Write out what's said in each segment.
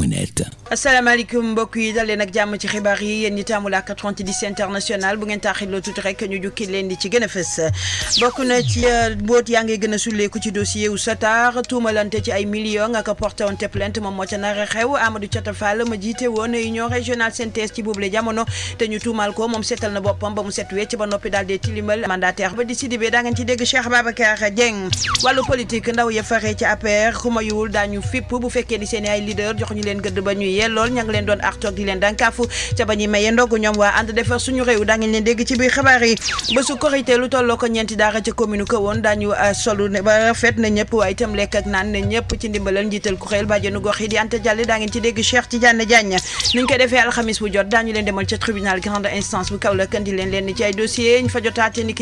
net asalaamaaleykum mbokk yi dal leen jàmm ci xibaar yi yéen ñi taamul ak 90 international bu ngeen taaxirloo tuuti rek ñu jukki leen di ci gën a bokk na ci euh, mbóot yaa ngi gën a ci dossier wu Satar tuumalante ci ay millions ak porté woon te plainte moom moo ca xew Amadou Thiata ma jiite woon union régionale synthèse ci boobule jamono te ñu tuumal ko moom seetal na boppam ba mu set wecc ba noppi daal dee tilimal mandataire ba di Sidibé daa ngeen ci dégg joxuñu leen gëdd ba ñuy yellool ña leen doon artoog di leen dànkaafu ca ba ñuy maye ndog ñoom waa ànd defar suñu réew daa leen dégg ci biir xabaar yi bésu korité lu tolloo ko ñeenti daara ca commune woon daañu euh, solu ba rafet na ñëpp waaye itam lekk ak gox yi di Anta Dialle daa ci dégg Cheikh Tidiane Diagne niñ koy defee alxamis bu jot daañu leen demal ca tribunal grande instance bu Kaolack andi leen leen ci ay dossier ñu fa jotaate ni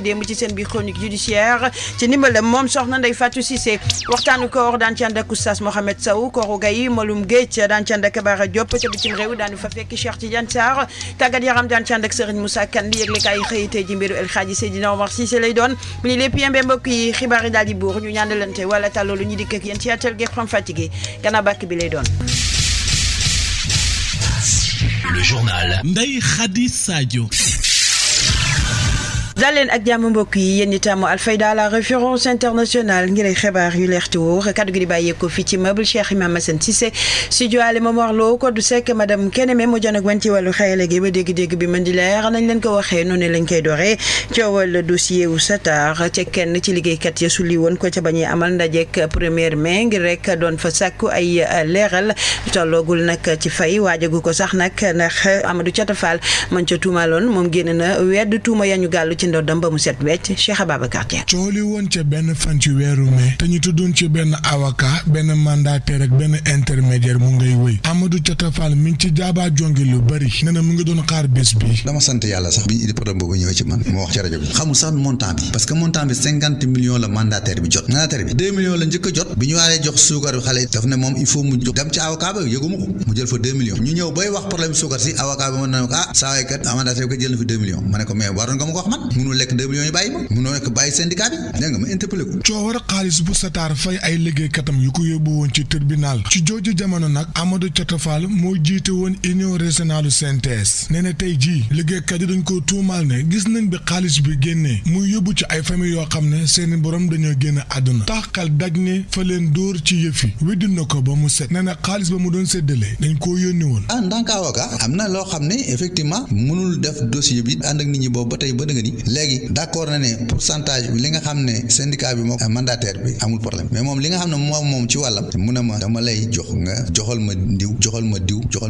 dan ci ànd ak Bara Diop ci bitim réew daanu fa fekk Cheikh Tidiane sar tàggat yaram daan ci ànd Serigne Moussa Kane li yëgle kaay xëy ji mbiru El Hadji Seydina Omar Cissé lay don bu ni lépp yembe mbokk yi xibaar yi di buur ñu ñandalante wala tàlloo lu ñu dikk ak yéen ci atel gi xam fatigué gannaaw bàkk bi lay doon Le journal Ndeye Khady Sadio daal leen ak jàmm mbokk yi yéen al Alfayda la référence internationale ngir xibaar yu leer te wóor kaddu gi di ko fii ci meuble Cheikh Imam Assane Cissé studio Aly Momar Lo ko du sekk madame Keneme mu jon ak wan ci wàllu xayale gi ba dégg-dégg bi mën di leen ko waxee noonu lañ koy doree coowal dossier wu Satar ca kenn ci liggéeykat ya sulli woon ko ca bañuy amal ndajeek premier mais ngir rek doon fa sàkku ay leeral tolloogul nag ci fay waajagu ko sax nag ndax Amadou Thiata Fall man ca tuumaaloon moom génn na wedd tuuma yañu gàllu ci ndoddam ba mu set wecc Cheikh Ababacar Dieng. cooli woon ca benn fan ci weeru mai te ñu tuddoon ci benn avocat benn mandataire ak benn intermédiaire mu ngay wëy Amadou Thiata Fall mi ci jaabaa jongi lu bari nee mu ngi doon xaar bés bi. dama sant yàlla sax bi problème boobu ñëwee ci man moo wax ci rajo bi xamul sax montant bi parce que montant bi cinquante la mandataire bi jot mandataire bi deux la njëkk a jot bi ñu waaree jox suukar bi xale daf ne moom il faut mu jël fa deux ñu ñëw bay munoo lekk deux millions yi bàyyi ma munoo lekk bàyyi syndicat bi dégg nga ma interpellé ko coowar xaalis bu Satar Fay ay liggéeykatam yu ko yóbbu woon ci tribunal ci jooju jamono nag Amadou Cotofal moo jiite woon union régionalu CNTS nee na tey jii liggéeykat yi dañ ko tuumaal ne gis nañ bi xaalis bi génnee muy yóbbu ci ay famille yoo xam ne seeni borom dañoo génn àdduna taxal daj ne fa leen dóor ci yëf yi na ko ba mu set nee na xaalis ba mu doon séddale dañ koo yónni woon ah ndànk am na loo xam ne effectivement mënul def dossier bi ànd ak nit ñi boobu ba tey ba dëgg ni léegi d'accord na ne pourcentage bi li nga xam ne syndicat bi moo mandataire bi amul problème mais moom li nga xam ne moo moom ci wàllam mu a ma dama lay jox nga joxal ma diw joxal ma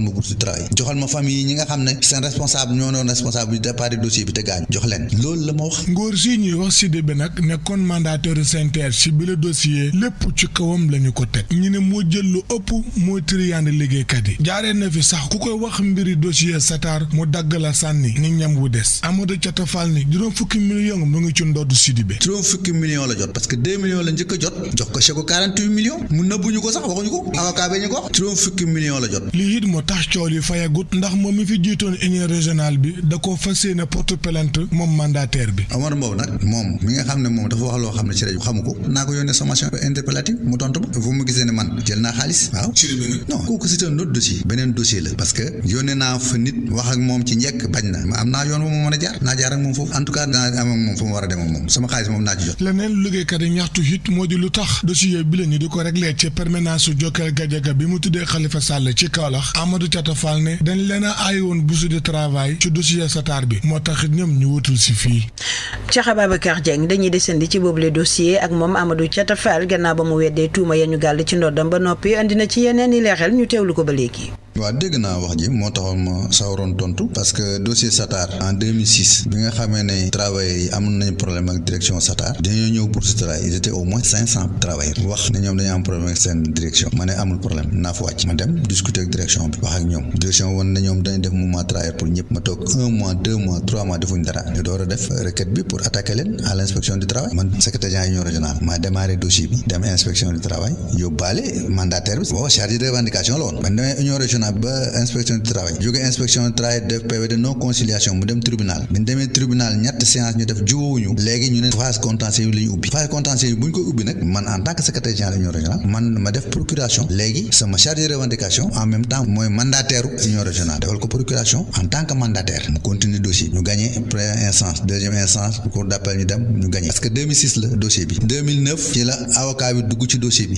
ma bourse de travail joxal ma famille ñi nga xam ne seen responsable ñoo doon responsable bi départ dossier bi te gaañ jox leen loolu la ma wax ngóor si ñuy wax la dossier ko teg ñu ne moo jël lu ëpp moo triyaan liggéeykat yi jaaree na fi sax ku koy wax mbiri dossier satar mu dagg la sànni ni ñam wu des juróom fukki million mu ngi ci ndoddu Sidibé juróom fukki million la jot parce que deux la njëkk a jot jox ko chèque ko million la jot lii it moo tax coow yi fayagut ndax moom mi fi jiitoon interpellative mu tontu ma fu mu gisee ne man jël naa xaalis waaw kooku c'est un autre dossier beneen dossier la parce que yónnee naa fa nit wax ak moom ci njëkk bañ na ma am naa yoon bu ma mën a jaar naa jaar ak moom foofu tout cas danaa am ak moom fu mu war a dem moom sama xaalis moom naa ci jot leneen liggéeykat ñaxtu hit moo di lu tax dossier bi la ñu ko réglé ci permanence su Gajaga bi mu tuddee Khalifa Sall ci Kaolack Amadou Thiata Fall ne dañ leen a aay woon ci dossier Satar bi moo tax ñoom ñu wutul si fii Thiaxa Babacar Dieng dañuy desandi ci boobule dossier ak moom Amadou Thiata gannaaw ba mu weddee tuuma ya ñu gàll ci ndoddam ba noppi andi na ne travailleurs nañu problème ak direction Satar dañoo ñëw pour Sotrac ils étaient au moins cinq wax ne ñoom dañu am problème ak seen direction ma ne amul problème naa fa wàcc ma dem discuter ak direction bi wax ak ñoom direction woon na ñoom dañu def mouvement travailleur pour ñëpp ma toog un mois deux mois trois mois defuñ dara ñu door a def requête bi pour attaquer leen à l' du travail man secrétaire union régionale ma démarré dossier bi dem ñetti séance ñu def jiwuñu léegi ñu ne phase contentieux yi la ñu ubbi phase contentieux yi bu ñu ko ubbi nag man en tant que secrétaire union régionale man ma def procuration léegi sama chargé revendication en même temps mooy mandataire union régionale defal ko procuration en tant que mandataire mu continuer dossier ñu gagné première instance deuxième instance cour d'appel ñu dem ñu gagné parce que la dossier bi ci la avocat bi dugg ci dossier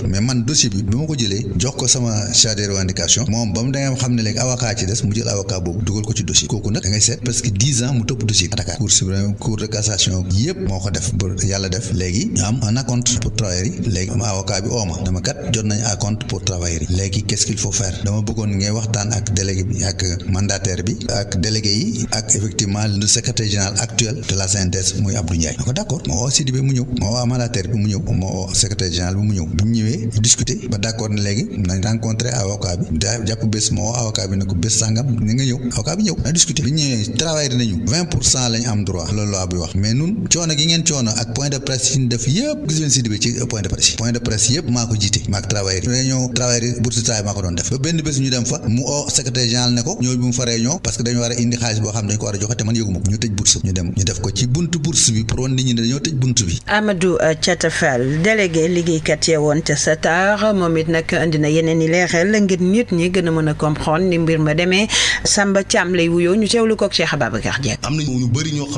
cour de cassation yépp moo ko def ba yàlla def léegi am un acompte pour travailler yi léegi am avocat bi ooma dama kat jot nañ un compte pour travailler yi léegi qu'est-ce qu'il faut faire dama bëggoon ngay waxtaan ak délégué bi ak mandataire bi ak délégué yi ak effectivement le secrétaire général actuel de la CNTS muy Abdou Ndiaye ma ko d'accord ma woo Sidibé mu ñëw ma woo mandataire bi mu ñëw ma woo secrétaire général bi mu ñëw bi mu ñëwee discuter ba d'accord ne léegi nañ rencontrer avocat bi jàpp bés ma woo avocat bi ne ko bés sangam ni nga ñëw avocat bi ñëw na discuter bi ñëwee travailler nañu 20 lañ am droit wax loolu loi bi wax mais nun coono gi ngeen coono ak point de presse yi ñu def yëpp gis leen si ci point de presse point de presse yëpp maa ko jiite maa ko travailleur réunion travailleur bourse travail maa ko def ba benn bés ñu dem fa mu o secrétaire général ne ko ñëw bu mu fa réunion parce que dañu war a indi xaalis boo xam ne dañu ko war a joxe te man yëguma ko ñu tëj bourse ñu dem ñu def ko ci buntu bourse bi pour wan nit ñi dañoo tëj buntu bi Amadou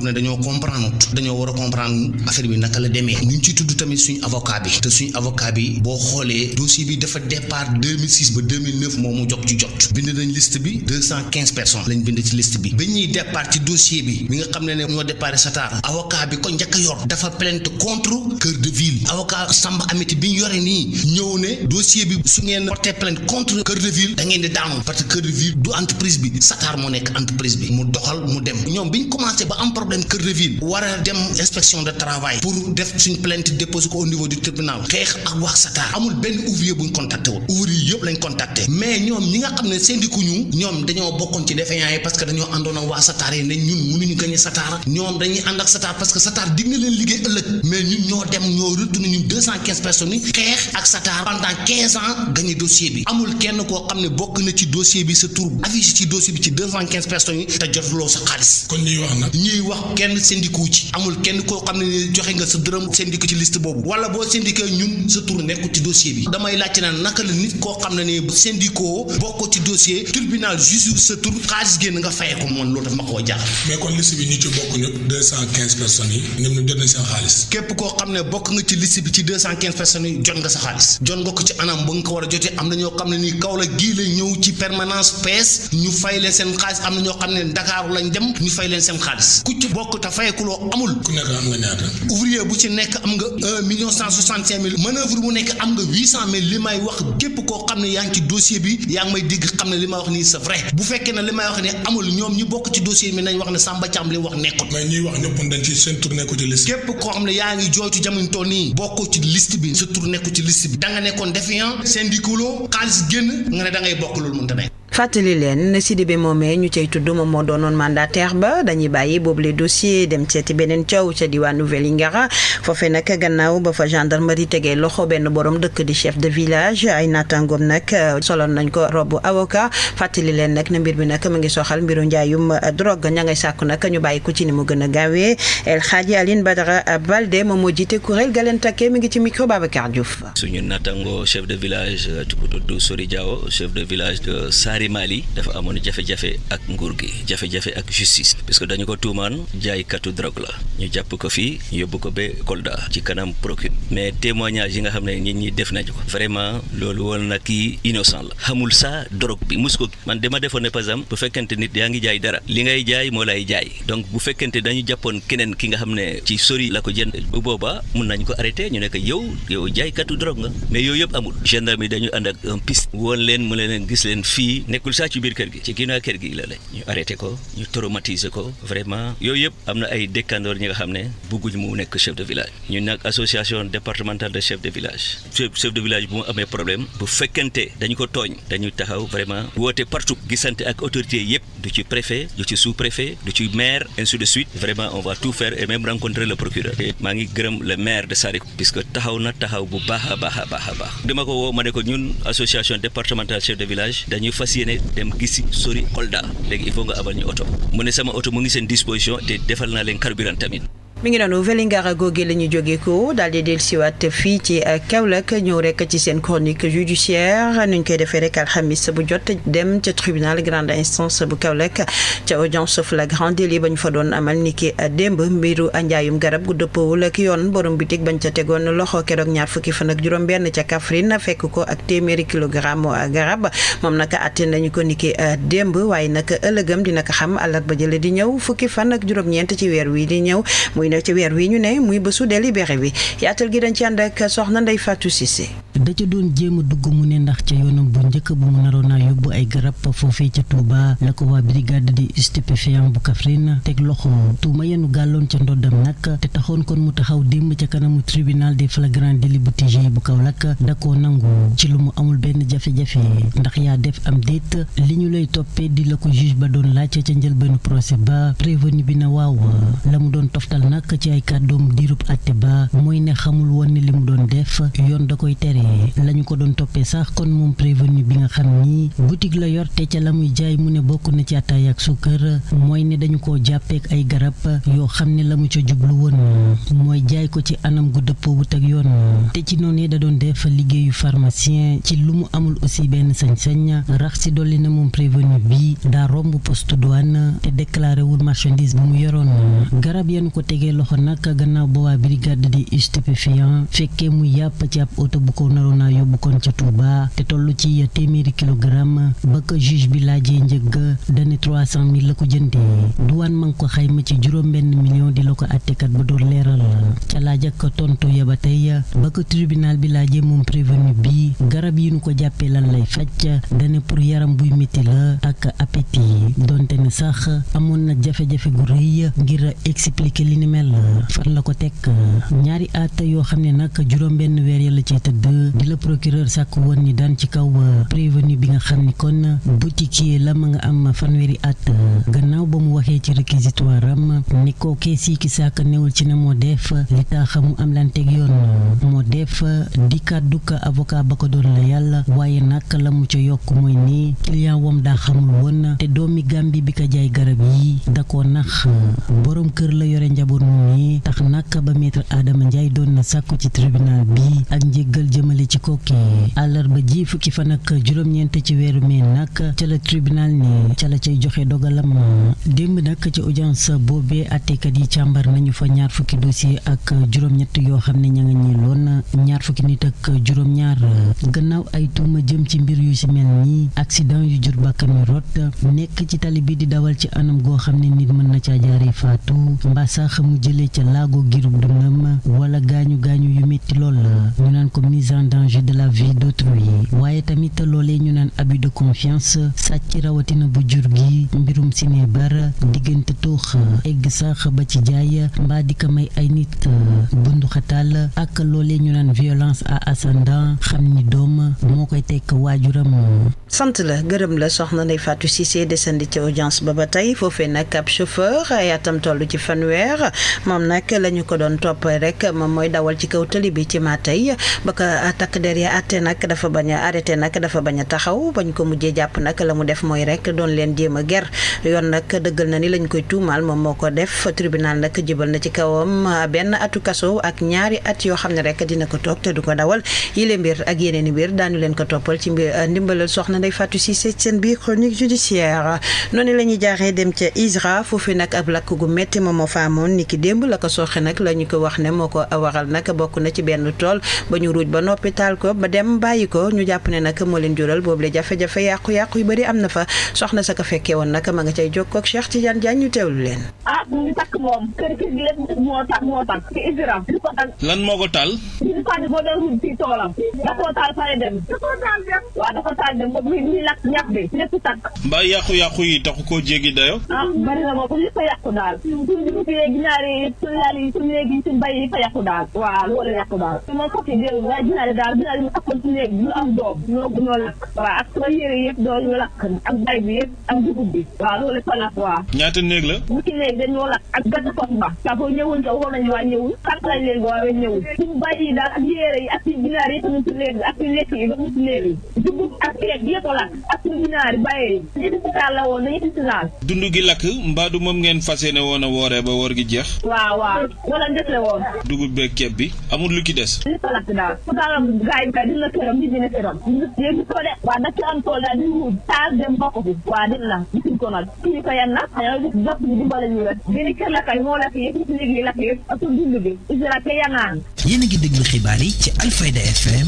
euh, dañoo comprendre dañoo war a comprendre affaire bi naka la demee ñu ci tudd tamit suñ avocat bi te suñ avocat bi boo xoolee dossier bi dafa départ 2006 ba 2009 moom mu jog ci jot bind nañ liste bi 215 personnes lañ bind ci liste bi ba ñuy départ ci dossier bi mi nga xam ne ne ñoo départ Satar avocat bi ko njëkk a yor dafa plainte contre cœur de ville avocat Samba Amity bi ñu yore nii ñëw ne dossier bi su ngeen porté plainte contre cœur de ville da ngeen di daanu parce que cœur de ville du entreprise bi Satar moo nekk entreprise bi mu doxal mu dem ñoom biñ commencé ba am problème kër de ville war a dem inspection de travail pour def suñ plainte déposé ko au niveau du tribunal xeex ak wax sataar amul benn ouvrier buñ contacté woon ouvrier yëpp lañ contacté mais ñoom ñi nga xam ne syndicat ñu ñoom dañoo bokkoon ci défaillant yi parce que dañoo àndoon ak waa sataar yi ne ñun mënuñu gagné sataar ñoom dañuy ànd ak sataar parce que sataar digg na leen liggéey ëllëg mais ñun ñoo dem ñoo retourné ñun deux cent quinze personnes yi xeex ak sataar pendant quinze ans gagné dossier bi amul kenn koo xam ne bokk na ci dossier bi sa tur avisé ci dossier bi ci deux cent quinze personnes yi te jotuloo sa xaalis kon ñuy wax nag ñuy wax kenn syndiqué wu ci amul kenn koo xam ne joxe nga sa dërëm syndiqué ci liste boobu wala boo syndiqué ñun sa tur nekkul ci dossier bi damay laajte naan naka la nit koo xam ne ne syndiqué bokk ci dossier tribunal juge sa tur xaalis génn nga fayee ko moom loolu daf ma koo jaaxal. mais kon liste bi ñu ci bokk ñëpp deux cent quinze personnes ko ci anam ba nga ko na ñoo xam ne nii kaw la gii la ñëw ci permanence PS ñu fay leen seen xaalis am na ñoo xam ne Dakar lañ dem ñu fay leen seen xaalis bokk te fayekuloo amul. ku nekk am nga ñaata. ouvrier un million cent soixante cinq mille manœuvre bu nekk am nga huit li may wax képp koo xam ne yaa ngi ci dossier bi yaa ngi may dégg xam ne li may wax nii c'est vrai bu fekkee ne li may wax ne amul ñoom ñi bokk ci dossier bi nañ wax ne Samba Thiam li wax nekkul. mais ñuy wax ñëpp dañ ci seen tur nekku ci liste. képp koo xam ne yaa ngi jooytu jamono nii bokkoo ci liste bi sa tur nekku ci liste bi da nekkoon défiant syndiculo ngay bokk loolu fàttali leen ne Sidibé moomee ñu cay tudd moom moo doonoon mandataire ba dañuy bàyyi boobu les dossiers dem seeti beneen coow ca diwaanu Vélingara foofee nag gannaaw ba fa gendarmerie tegee loxo benn boroom dëkk di chef de village ay naataangoom nag euh, soloon nañ ko robu avocat fàttali leen nag na mbir bi nag mu ngi soxal mbiru njaayum euh, drogue ña ngay sàkku nag ñu bàyyi ko ci ni mu gën a gaawee El Hadji Aline Badara Balde moom moo jiite kuréel Galen Takke mi ngi ci micro Babacar Diouf. suñu naataango chef de village euh, de village de Sari maire Mali dafa amoon jafe-jafe ak nguur gi jafe-jafe ak justice parce que dañu ko tuumaan jaaykatu drogue la ñu jàpp ko fii ñu yóbbu ko ba Kolda ci kanam procure mais témoignage yi nga xam ne nit ñi def nañu ko vraiment loolu woon na kii innocent la xamul saa drogue bi mus ko man dama defoon ne par exemple bu fekkente nit yaa ngi jaay dara li ngay jaay moo lay jaay donc bu fekkente dañu jàppoon keneen ki nga xam ne ci sori la ko jënd bu boobaa mun nañ ñu ne ko yow yow jaaykatu drogue nga nekkul sax ci biir kër gi ci ginnaaw kër gi la la ñu arrêté ko ñu traumatiser ko vraiment yooyu yëpp am na ay dëkkandoor ñi nga xam ne bugguñ mu nekk chef de village ñun nag association départementale de chef de village chef de village bu mu amee problème bu fekkente dañu ko tooñ dañu taxaw vraiment woote partout gisante ak autorité yëpp de chef préfet de sous-préfet de ci maire ainsi de suite vraiment on va tout faire et même rencontrer le procureur Mangi maa le maire de Sarik puisque taxaw na taxaw bu Baha Baha. baax on baax a association départementale chef de village dañuy fas yéene dem gisi sori Kolda léegi il faut nga abal ñu auto mu ne sama disposition de defal naa carburant mi ngi noonu Vélingara googe la ñu jóge ko daal di dellusiwaat fii ci eh, Kaolack ñëw rek ci seen chronique judiciaire nuñ koy defee rek alxamis bu jot dem ca tribunal grande instance bu Kaolack ca audience la délit ba ñu fa doon amal niki eh, démb mbiru njaayum garab gu dëppoowul ak yoon borom bitig bañ ca tegoon loxo keroog ñaar fukki fan ak juróom-benn ca Kaffrine fekk ko ak téeméeri kilogramme garab moom nag àtte nañu ko niki eh, démb waaye nag ëllëgam dina ko xam àllarba jële di ñëw fukki fan ak juróom ci weer wi di ñëw. muy ne ci weer wi ñu ne muy bësu délibéré bi yaatal gi dañ ci and ak soxna Ndeye Fatou Cissé. da ca doon jéem dugg mu ne ndax ca yoonam bu njëkk bu mu naroon a yóbbu ay garab foofee ca Touba la ko waa brigade di stupéfiant bu Kaffrine teg loxo tuuma yenu gàlloon ca ndoddam nag te taxoon kon mu taxaw démb ca kanamu tribunal des flagrants délits bu TGI bu Kaolack da koo nangu ci lu mu amul benn jafe-jafe ndax yaa def am déet li ñu lay toppee di la ko juge ba doon laaj ca njëlbeenu procès ba prévenu bi na waaw la mu doon toftal na nag ci ay kàddoom diirub àtte ba mooy ne xamul woon li mu doon def yoon da koy tere lañu ko doon toppee sax kon moom prévenu bi nga xam ni boutique la yor te ca la muy jaay mu ne bokk na ci ataay ak suukar mooy ne dañu koo jàppeek ay garab yoo xam ne la mu ca jublu woon mooy jaay ko ci anam gu dëppoowut ak yoon te ci noonu da doon def liggéeyu pharmacien ci lu mu amul aussi benn sañ-sañ rax si dolli na moom prévenu bi daa romb poste douane te déclaré wul marchandise tegee loxo nak gannaaw bo wa brigade di stupéfiant fekkee mu yap ci ab auto bu ko narona a kon ci Touba te tollu ci téeméeri kilogramme ba ko juge bi laaje njëgg dane 300000 la ko ma ko xayma ci juroom ben million di lako atté kat bu do leeral ci laaje ko tontu ya ba ba ko tribunal bi laaje moom prévenu bi garab yi nu ko jappé lan lay fajj dane pour yaram buy métti la ak appétit donte ne sax amon na jafé jafé gu reuy ngir expliquer li ni mel fan la ko tek ñaari at yo xamne nak juroom ben wer yalla ci teud di le procureur sak won ni dan ci kaw prévenu bi nga xamni kon boutique la ma nga am weri at gannaaw bamu waxe modefa ci requisitoire am ni ko keesi ki sak newul ci na mo def li am lan tek yoon mo def di kaddu ka avocat ba ko la yalla waye nak la mu ci yok moy ni client wam da xamul won te domi gambi bi ka jay garab yi da ko nax borom keur la yore njaboot moom mi tax nag ba maître Adama Ndiaye doon na sàkku ci tribunal bi ak njéggal jëmale ci kooki hmm. àllarba ji fukki fan ak juróom-ñeent ci weeru mee nag ca la tribunal ni ca la cay joxe dogalam démb nag ci audience boobee attekat yi càmbar nañu fa ñaar fukki dossier ak juróom-ñett yoo xam ne ña nga ñi loon ñaar fukki nit ak juróom-ñaar gannaaw ay tuuma jëm ci mbir yu si mel nii accident yu jur bàkkan yu rot nekk ci tali bi di dawal ci anam goo xam ne nit mën na caa jaaree faatu mbaa sax mu ci lago girum dëmam wala gañu gañu yu metti lool ñu nan ko mise en danger de la vie d'autrui waye tamit lolé ñu nan abus de confiance sàcc na bu jur gi mbirum sine bar diggante toox egg sax ba ci jaay ba di may ay nit xatal ak lolé ñu nan violence à ascendant xam ni doom moo koy tekk waajuram sant la gërëm la soxna Ndeye Fatou Cissé desandi ci audience ba ba tey foofee nag ab chauffeur yaatam tollu ci fanwer moom nag la ñu ko doon toppee rek moom mooy dawal ci kaw tëli bi ci Matay ba ko takk der ya àtte nag dafa bañ a arrêté nag dafa bañ a taxaw bañ ko mujjee jàpp nak la mu def mooy rek doon leen jéem a ger yoon nag dëggal na ni lañ koy tuumaal moom moo ko def tribunal nag jibal na ci kawam benn atu kaso ak ñaari at yoo xam ne rek dina ko toog te du ko dawal yile mbir ak yeneen i mbir daañu leen ko toppal ci mbir ndimbalal soxna Ndeye Fatou si seen biir chronique judiciaire noonu la ñuy jaaree dem ca ISRA foofu nag ab lakk gu ki démb la ko sooxe nag la ñu ko wax ne moo ko waral nag bokk na ci benn tool ba ñu ruuj ba noppi taal ko ba dem bàyyi ko ñu jàpp ne nag moo leen jural boobule jafe-jafe yàqu-yàqu yu bëri am na fa soxna sa ko fekkee woon nag ma nga cay jokkoo ak Cheikh Tidiane Diagne ñu teewlu leen. ah mu moom moo tax moo moo ko taal. suñu fànn boo doon ruuj ci toolam. da koo taal yi taxu koo jéggi dayo. Ah, ginaari suñu laal yi suñu léegi suñu bay yi fa yàqu daal waaw loolu yàqu daal su ma fokki dégg waaye ginaari bi yëpp ak dugub bi ñaata néeg la bu ci léegi dañoo lakk ak gàtt fos ba saa ko ñëwul sa waxoon nañu waa ñëwul xar lañ leen ko waawee ñëwul suñu bay yi daal ak yére yi ak suñu ba ñu ci léegi dugub ak dund gi lakk mbaadu moom ngeen fas yéene woon a wooree ba woor gi jeex jeex. waaw waaw wala des la woon. dugub beeg ceeb bi amul lu ci des. li ko lakk daal ku taal gaa yi dina këram di dina këram. yéen ko de waaw da këram tool daal di wut taal dem bokk bi. waaw dina la ko nag. suñu ko yenn nag dañoo gis bopp bi dimbale ñu rek. gën a kër la kay moo lakk yëpp si léegi lakk yëpp ak dund bi. ISRA te yanaan. yéen a ngi déglu xibaar yi ci Alfayda FM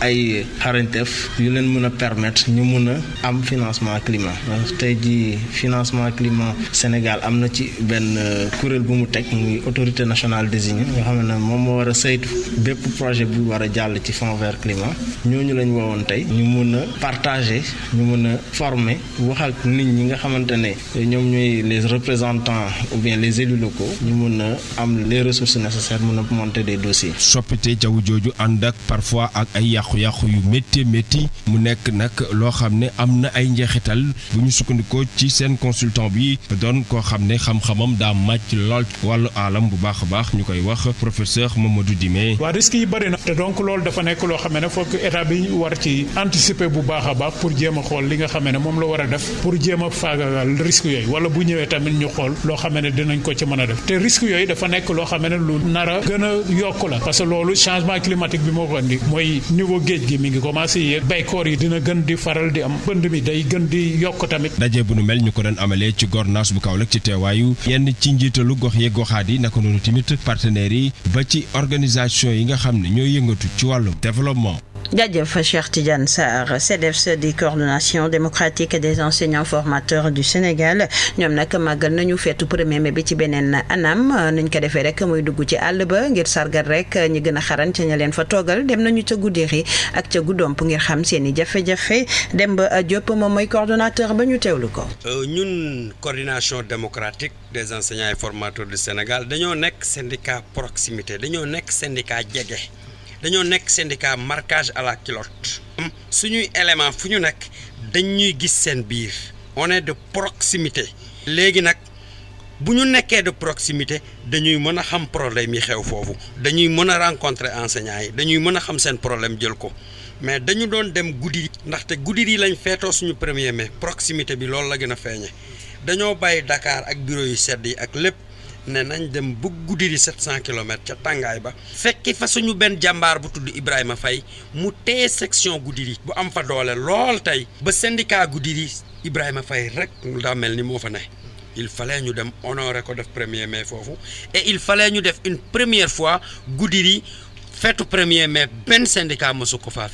ay xarañteef yu leen mën a permettre ñu mën a am financement climat tey jii financement climat Sénégal am na ci benn euh, kuréel bu mu teg muy autorité nationale désignée nga xam ne moom moo war a saytu bépp projet bu war a ci fond vert climat ñooñu lañ woowoon tey ñu mën partager ñu mën former waxal nit ñi nga xamante ne ñoom ñooy les représentants ou bien les élus locaux ñu mën a am les ressources nécessaires mën a monter des dossiers. soppite jaww jooju ànd parfois ak ay yàqu-yàqu yu métti métti mu nekk nag loo xam ne am na ay njeexital bu ñu sukkandikoo ci seen consultant bi doon koo xam ne xam-xamam daa màcc lool wàllu aalam bu baax a baax ñu koy wax professeur Mamadou Dime. waa risque yi bëri na te donc loolu dafa nekk loo xam ne foog état bi war ci anticiper bu baax a baax pour jéem a xool li nga xam ne moom la war a def pour jéem a faagagal risque yooyu wala bu ñëwee tamit ñu xool loo xam ne dinañ ko ci mën a def te a gën a yokk la parce niveau géej gi mi ngi commencé yéeg béykoor yi dina gën di faral di am bënd mi day gën di yokk tamit daje bu nu mel ñu ko doon amalee ci gornaas bu Kaolack ci teewaayu yenn ci njiitalu gox yeeg goxaat yi naka noonu tamit partenaires yi ba ci organisation yi nga xam ne ñooy yëngatu ci wàllu développement C'est Cheikh Tidiane Sarr coordination démocratique des enseignants formateurs du Sénégal Nous nag Nous nañu tout premier mai bi ci anam Nous avons fait rek muy dugg ci ba ngir avons rek ñi a Nous fait. dem nañu ca Nous ak fait. Goudomp ngir xam Nous dem ba mooy coordonnateur avons euh, fait. coordination démocratique des enseignants formateurs du Sénégal dañoo syndicat proximité dañoo syndicat Nous dañoo nekk syndicat marquage à la culotte. Hmm? suñuy élément fu ñu nekk dañ ñuy gis seen biir. on de proximité. léegi nag bu ñu nekkee de proximité dañuy mën a xam problème yi xew foofu dañuy mën a rencontrer enseignants yi dañuy mën a xam seen problème jël ko mais dañu doon dem guddi ndaxte guddi yi lañ feetoo suñu premier mai proximité bi loolu la gën a feeñe dañoo bàyyi Dakar ak bureau yu sedd yi ak lépp. ne nañ dem Goudiri 700 km, ca tangay ba fekki fa suñu jambar bu tuddu Ibrahima Faye mu té section Goudiri bu am fa doole ba syndicat Goudiri Ibrahima Faye rek fa ne il fallait ñu dem honorer ko def premier mai et il fallait ñu def une première fois Goudiri premier mai ben syndicat ko fa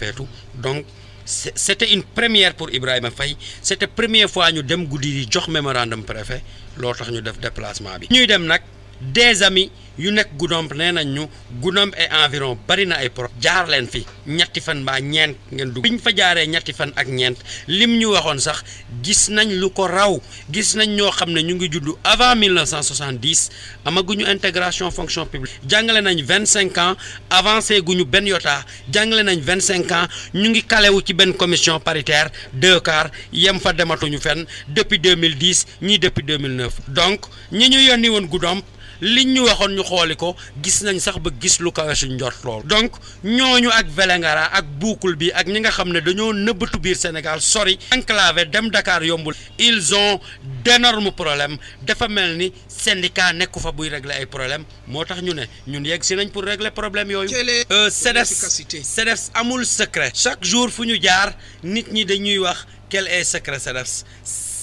donc c'était une première pour Ibrahima Faye c'était première fois ñu dem guddi yi jox mémorandum préfet loo tax ñu def déplacement bi ñuy dem nag des amis yu nekk Goudomp nee nañ ñu Goudomp et environ bari na ay pro jaar leen fi ñetti fan mbaa ñeent ngeen dugg biñ fa jaaree ñetti fan ak ñeent lim ñu waxoon sax gis nañ lu ko raw gis nañ ñoo xam ne ñu ngi juddu avant 1970 amaguñu intégration fonction publique jàngale nañ vingt cinq ans avancé guñu benn yotaa jàngale nañ vingt cinq ans ñu ngi kalewu ci benn commission paritaire deux quarts yem fa dematuñu fenn depuis 2010 ñii depuis 2009 donc ñi ñu yónni woon Goudomp liñu ñu ñu xooli ko gis nañ sax ba gis lu kawe suñ lool donc ñoñu ak velengara ak boukul bi ak ñi nga xam dañoo neubatu biir Sénégal sori enclave dem Dakar yombul ils ont d'énormes problèmes dafa melni syndicat nekku fa buy régler ay problèmes motax tax ñu ne ñun yegg si nañ pour régler problème yooyu euh, CDEPS CDEPS amul secret chaque jour fu ñu jaar nit ñi dañuy wax quel est secret CDEPS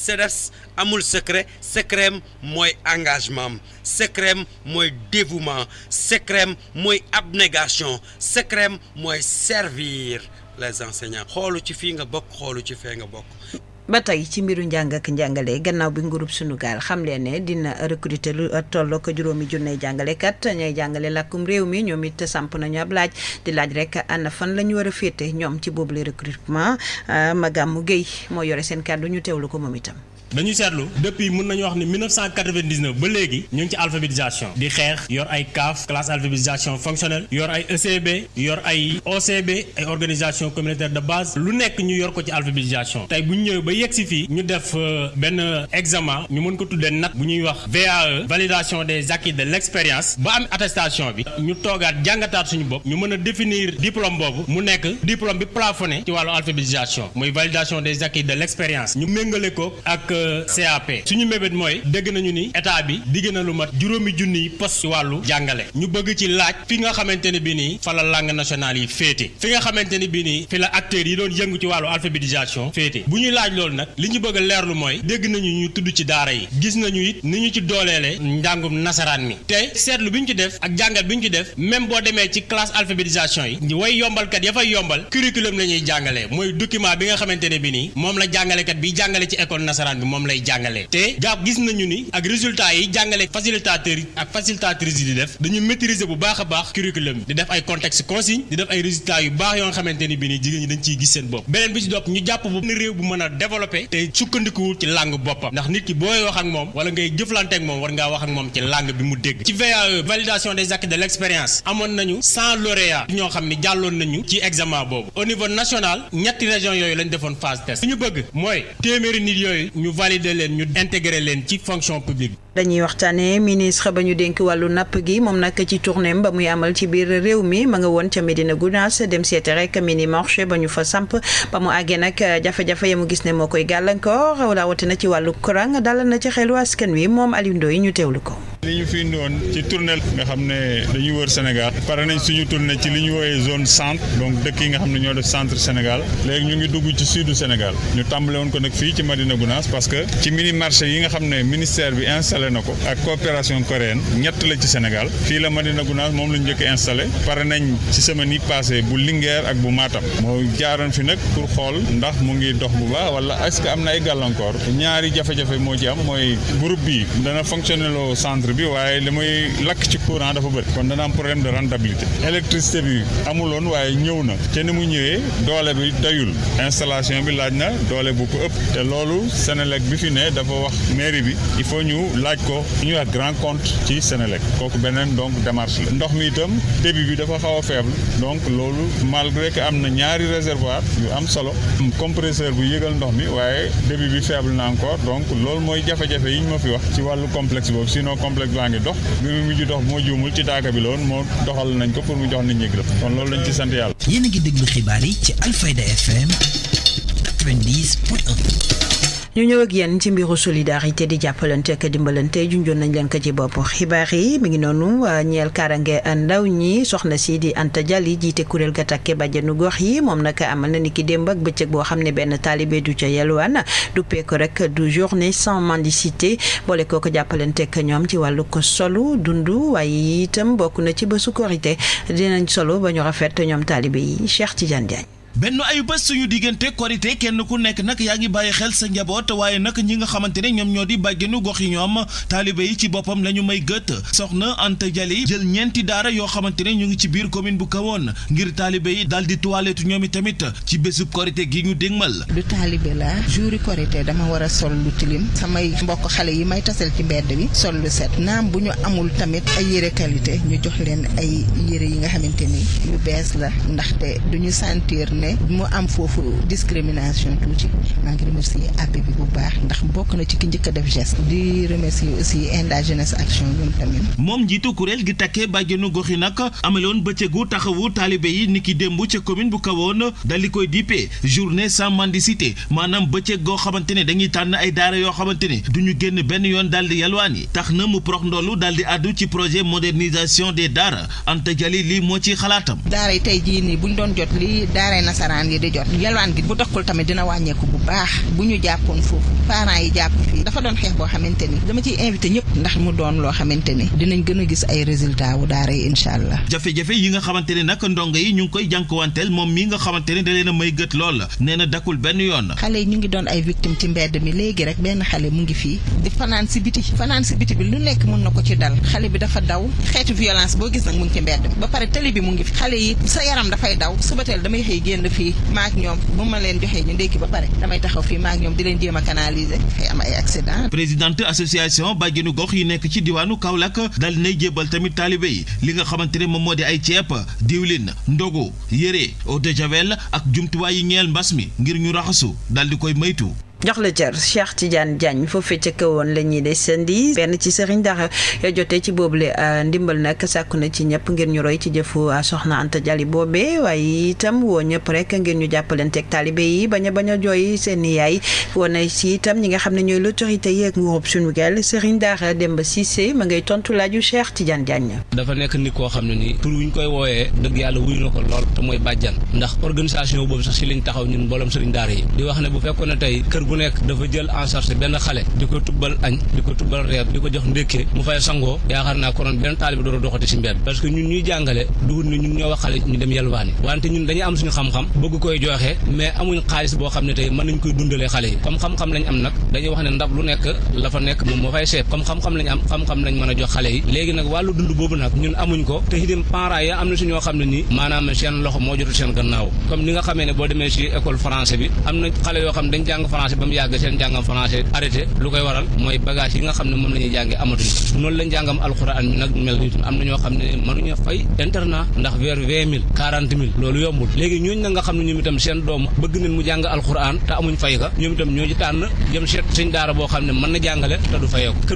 CDEPS amul secret secret moy engagement secret am dévouement secret moy abnégation secret moy servir les enseignants xoolu ci fi nga bok xoolu ci fe nga bok ba tey ci mbiru njang ak njangale gannaaw bi nguurub sunu gal xam leene ne dina recruter lu toll ak juróomi junney ñay jàngale lakum rew mi ñoom it samp nañu ab laaj di laaj rek ana fan la wara fété ñom ci bobu le recrutement ah, Magamu geey moo yoré sen ñu tewlu ko momitam dañu seetlu depuis mën nañu wax ni 1999 ba léegi ñu ngi ci alphabétisation di xeex yor ay CAF classe alphabétisation fonctionnelle yor ay ECB yor ay OCB ay organisation communautaire de base lu nekk ñu yor ko ci alphabétisation tey bu ñu ñëwee ba yegg si fii ñu def euh, benn examen ñu mën ko tuddee nat bu ñuy wax VAE validation des acquis de l'expérience ba am attestation bi ñu toogaat jàngataat suñu bopp ñu mën a définir diplôme boobu mu nekk diplôme bi plafonné ci wàllu alphabétisation mooy validation des acquis de l'expérience ñu méngale ko ak euh, CAP suñu mébét mooy dégg nañu ni état bi digg na lu mat juróomi junniy poste ci wàllu jàngale ñu bëgg ci laaj fi nga xamante ne bi nii fa la langue nationale yi féete fi nga xamante ne bi nii fi la acteurs yi doon yëngu ci wàllu alphabétisation féete bu ñu laaj lool nag li ñu bëgg a leerlu mooy dégg nañu ñu tudd ci daara yi gis nañu it ni ñu ci dooleele njàngum nasaraan mi tey seetlu bi ñu ci def ak jàngal bi ñu ci def même boo demee ci classe alphabétisation yi way yombalkat ya fay yombal curriculum la ñuy jàngalee mooy document bi nga xamante ne bi nii moom bi jàngale ci école nasaraan bi mom lay te gis nañu ni ak résultat yi facilitateur ak def dañu maîtriser bu curriculum contexte consigne di def résultats yu ni dañ gis bi ci te ci langue boppam ndax nit ki booy wax ak moom wala ngay jëflante ak moom war langue bi mu dégg e, validation des de l'expérience amoon nañu sans lauréats ñoo examen au niveau national ñetti région yooyu lañ defoon phase test ñu bëgg valider leen ñu intégrer leen ci fonction publique. dañuy waxtaanee ministre bañu denk walu nap gi mom nak ci tournéem ba muy amal ci bir réew mi ma nga woon ca Medina Gounass dem seete rek mini marché bañu fa samp ba mu àggee nag jafé jafe ya mu gis ne galankor wala gàllankoor na ci walu courant dal na ci xel askan wi mom Aliou Ndoye ñu teewlu ko li ñu fi indi ci tournel nga xam ne dañuy wër Sénégal pare nañ suñu tournée ci li ñu zone centre donc dëkk yi nga xam ne ñoo def centre Sénégal léegi ñu ngi dugg ci du Sénégal ñu tàmbale woon ko nag fii ci Madina Gounass parce que ci mini marché yi nga xam ne ministère bi installé na ko ak coopération coréenne ñett la ci Sénégal fii la Madina Gounass moom la ñu njëkk installé pare nañ ci semaine yi passé bu Linguère ak bu Matam moo jaaroon fi nag pour xool ndax mu ngi dox bu baax wala est-ce que am na ay gàllankoor ñaari jafe-jafe moo ci am mooy groupe bi dana fonctionné loo centre kilomètre bi waaye li muy lakk ci courant dafa bëri kon dana am problème de rentabilité électricité bi amuloon waaye ñëw na te ni mu ñëwee doole bi dayul installation bi laaj na doole bu ko ëpp te loolu Sénélec bi fi ne dafa wax mairie bi il faut ñu laaj ko ñu wax grand compte ci Sénélec kooku beneen donc démarche la ndox mi itam débit bi dafa xaw a faible donc loolu malgré que am na ñaari réservoir yu am solo compresseur bu yëgal ndox mi waaye débit bi faible na encore donc loolu mooy jafe-jafe yi ñu ma fi wax ci wàllu complexe boobu sinon complexe rek baa ngi dox bi mu mujj dox moo juumul ci daaka bi loon moo doxal nañ ko pour mu jox nit ñi gërëm kon loolu lañ ci sant yàlla. yéen a ngi déglu xibaar yi ci Alfayda FM 90 point ñu ñëw ak yéen ci mbiru solidarité di jàppaleenteek ak dimbalante junjoon nañ leen ko ci bopp xibaar yi mi ngi noonu ñeel kaarange ndaw ñi soxna si di Anta Dialy jiite kuréel ga takke bàjjenu gox yi moom nag amal na ni ki démb ak bëccëg boo xam ne benn taalibe du ca yelwaan duppee ko rek du journée sans mendicité boole koo ko jàppalante ñoom ci wàllu ko solu dundu waaye itam bokk na ci bésu korité dinañ solo ba ñu rafet ñoom taalibe yi Cheikh Tidiane Diagne benn ay bés suñu diggante korité kenn ku nekk nag yaa ngi bàyyi xel sa njaboot waaye nag ñi nga xamante ne ñoom ñoo di nu gox yi ñoom taalibe yi ci boppam la ñu may gëtt soxna Anta Jali jël ñeenti daara yoo xamante ne ñu ngi ci biir commune bu kawoon ngir taalibe yi daal di tuwaaletu ñoom tamit ci bésub korité gi ñu dégmal du taalibe la juri korité dama war a sol lu tilim samay mbokk xale yi may tasal ci mbedd bi sol lu set naam bu ñu amul tamit ay yére qualité ñu jox leen ay yére yi nga xamante ni yu bees la ndaxte duñu sentir ne mu am foofu discrimination tuuti ma ngi remercier app bi bu baax ndax bokk na ci ki njëkk a def geste di remercier aussi Enda Jeunesse Action ñoom tamit. moom njiitu kuréel gi takkee bàjjenu gox yi nag ameloon bëccëgu taxawu taalibe yi niki démb ca commune bu kawoon dal di journée sans mendicité maanaam bëccëg goo xamante ne dañuy tànn ay daara yoo xamante ne du ñu génn benn yoon daal di yalwaan yi tax na mu prox ndoolu daal di ci projet modernisation des daara Anta li lii moo ci xalaatam. daara yi tey jii doon jot lii daara nasaraan yi di jot yelwaan gi bu doxul tamit dina wàññeeku bu baax bu ñu jàppoon foofu parents yi jàpp fii dafa doon xeex boo xamante ni dama ciy invité ñëpp ndax mu doon loo xamante ni dinañ gën a gis ay résultat wu daara yi incha allah jafe-jafe yi nga xamante ni nag ndongo yi ñu ngi koy jànkuwanteel moom mi nga xamante ni da leen a may gët lool nee na dakul benn yoon xale yi ñu ngi doon ay victime ci mbedd mi léegi rek benn xale mu ngi fii di fanaan si biti fanaan si biti bi lu nekk mun na ko ci dal xale bi dafa daw xeetu violence boo gis nag mu ngi ci mbedd mi ba pare télé bi mu ngi fi xale yi sa yaram dafay daw subateel damay xëy génn ànd maak ñoom bu ma leen joxee ñu ndékki ba pare damay taxaw fii maak ñoom di leen jéem a am ay accident. présidente association bàjjenu gox yi nekk ci diwaanu Kaolack daal dinay jébal tamit taalibe yi li nga xamante ne moom moo di ay ceeb diwlin ndogu yére eau de javel ak jumtuwaay yi ñeel mbas mi ngir ñu raxasu daal di koy maytu jox la jar Cheikh Tidiane Diagne foofee ke won la ñuy desandi ben ci serigne dara jotee ci boblé euh, ndimbal nak sakku na ci ñëpp ngir ñu roy ci jëfu euh, soxna Anta Jali bobé way itam wo ñëpp rek ngir ñu ak talibé yi baña baña joy a seen yaay woné ci itam ñi nga xamné ñoy l'autorité yi ak suñu Sénégal serigne dara ba Cissé ma ngay tontu laaju Cheikh Tidiane Diagne. dafa nek nit ko xamné ni pour wuñ koy woyé deug yalla wuyu ko lool te moy bàjjan ndax organisation bobu sax ci liñ taxaw ñun mbooloom serigne dara yi di wax né bu fekkone tay kër bu nekk dafa jël en charge benn xale di ko tubbal añ di ko tubbal reer di ko jox ndékkee mu fay sangoo yaakaar naa benn taalibi doora doxati si mbedd parce que ñun ñuy jàngale duhut ni ñun ñoo wax xale ñu dem yelwaani wante ñun dañuy am suñu xam-xam bëgg koy joxe mais amuñ xaalis boo xam ne tey mën nañ koy dundalee xale yi comme xam-xam lañ am nag dañuy wax ne ndab lu nekk la fa nekk moom moo fay seet comme xam-xam lañ am xam-xam lañ mën a jox ba mu jàng alxuraan te amuñ fay ka ñoom itam ñoo ci tànn jëm seet daara boo xam ne mën na jàngale te du fayeeku ko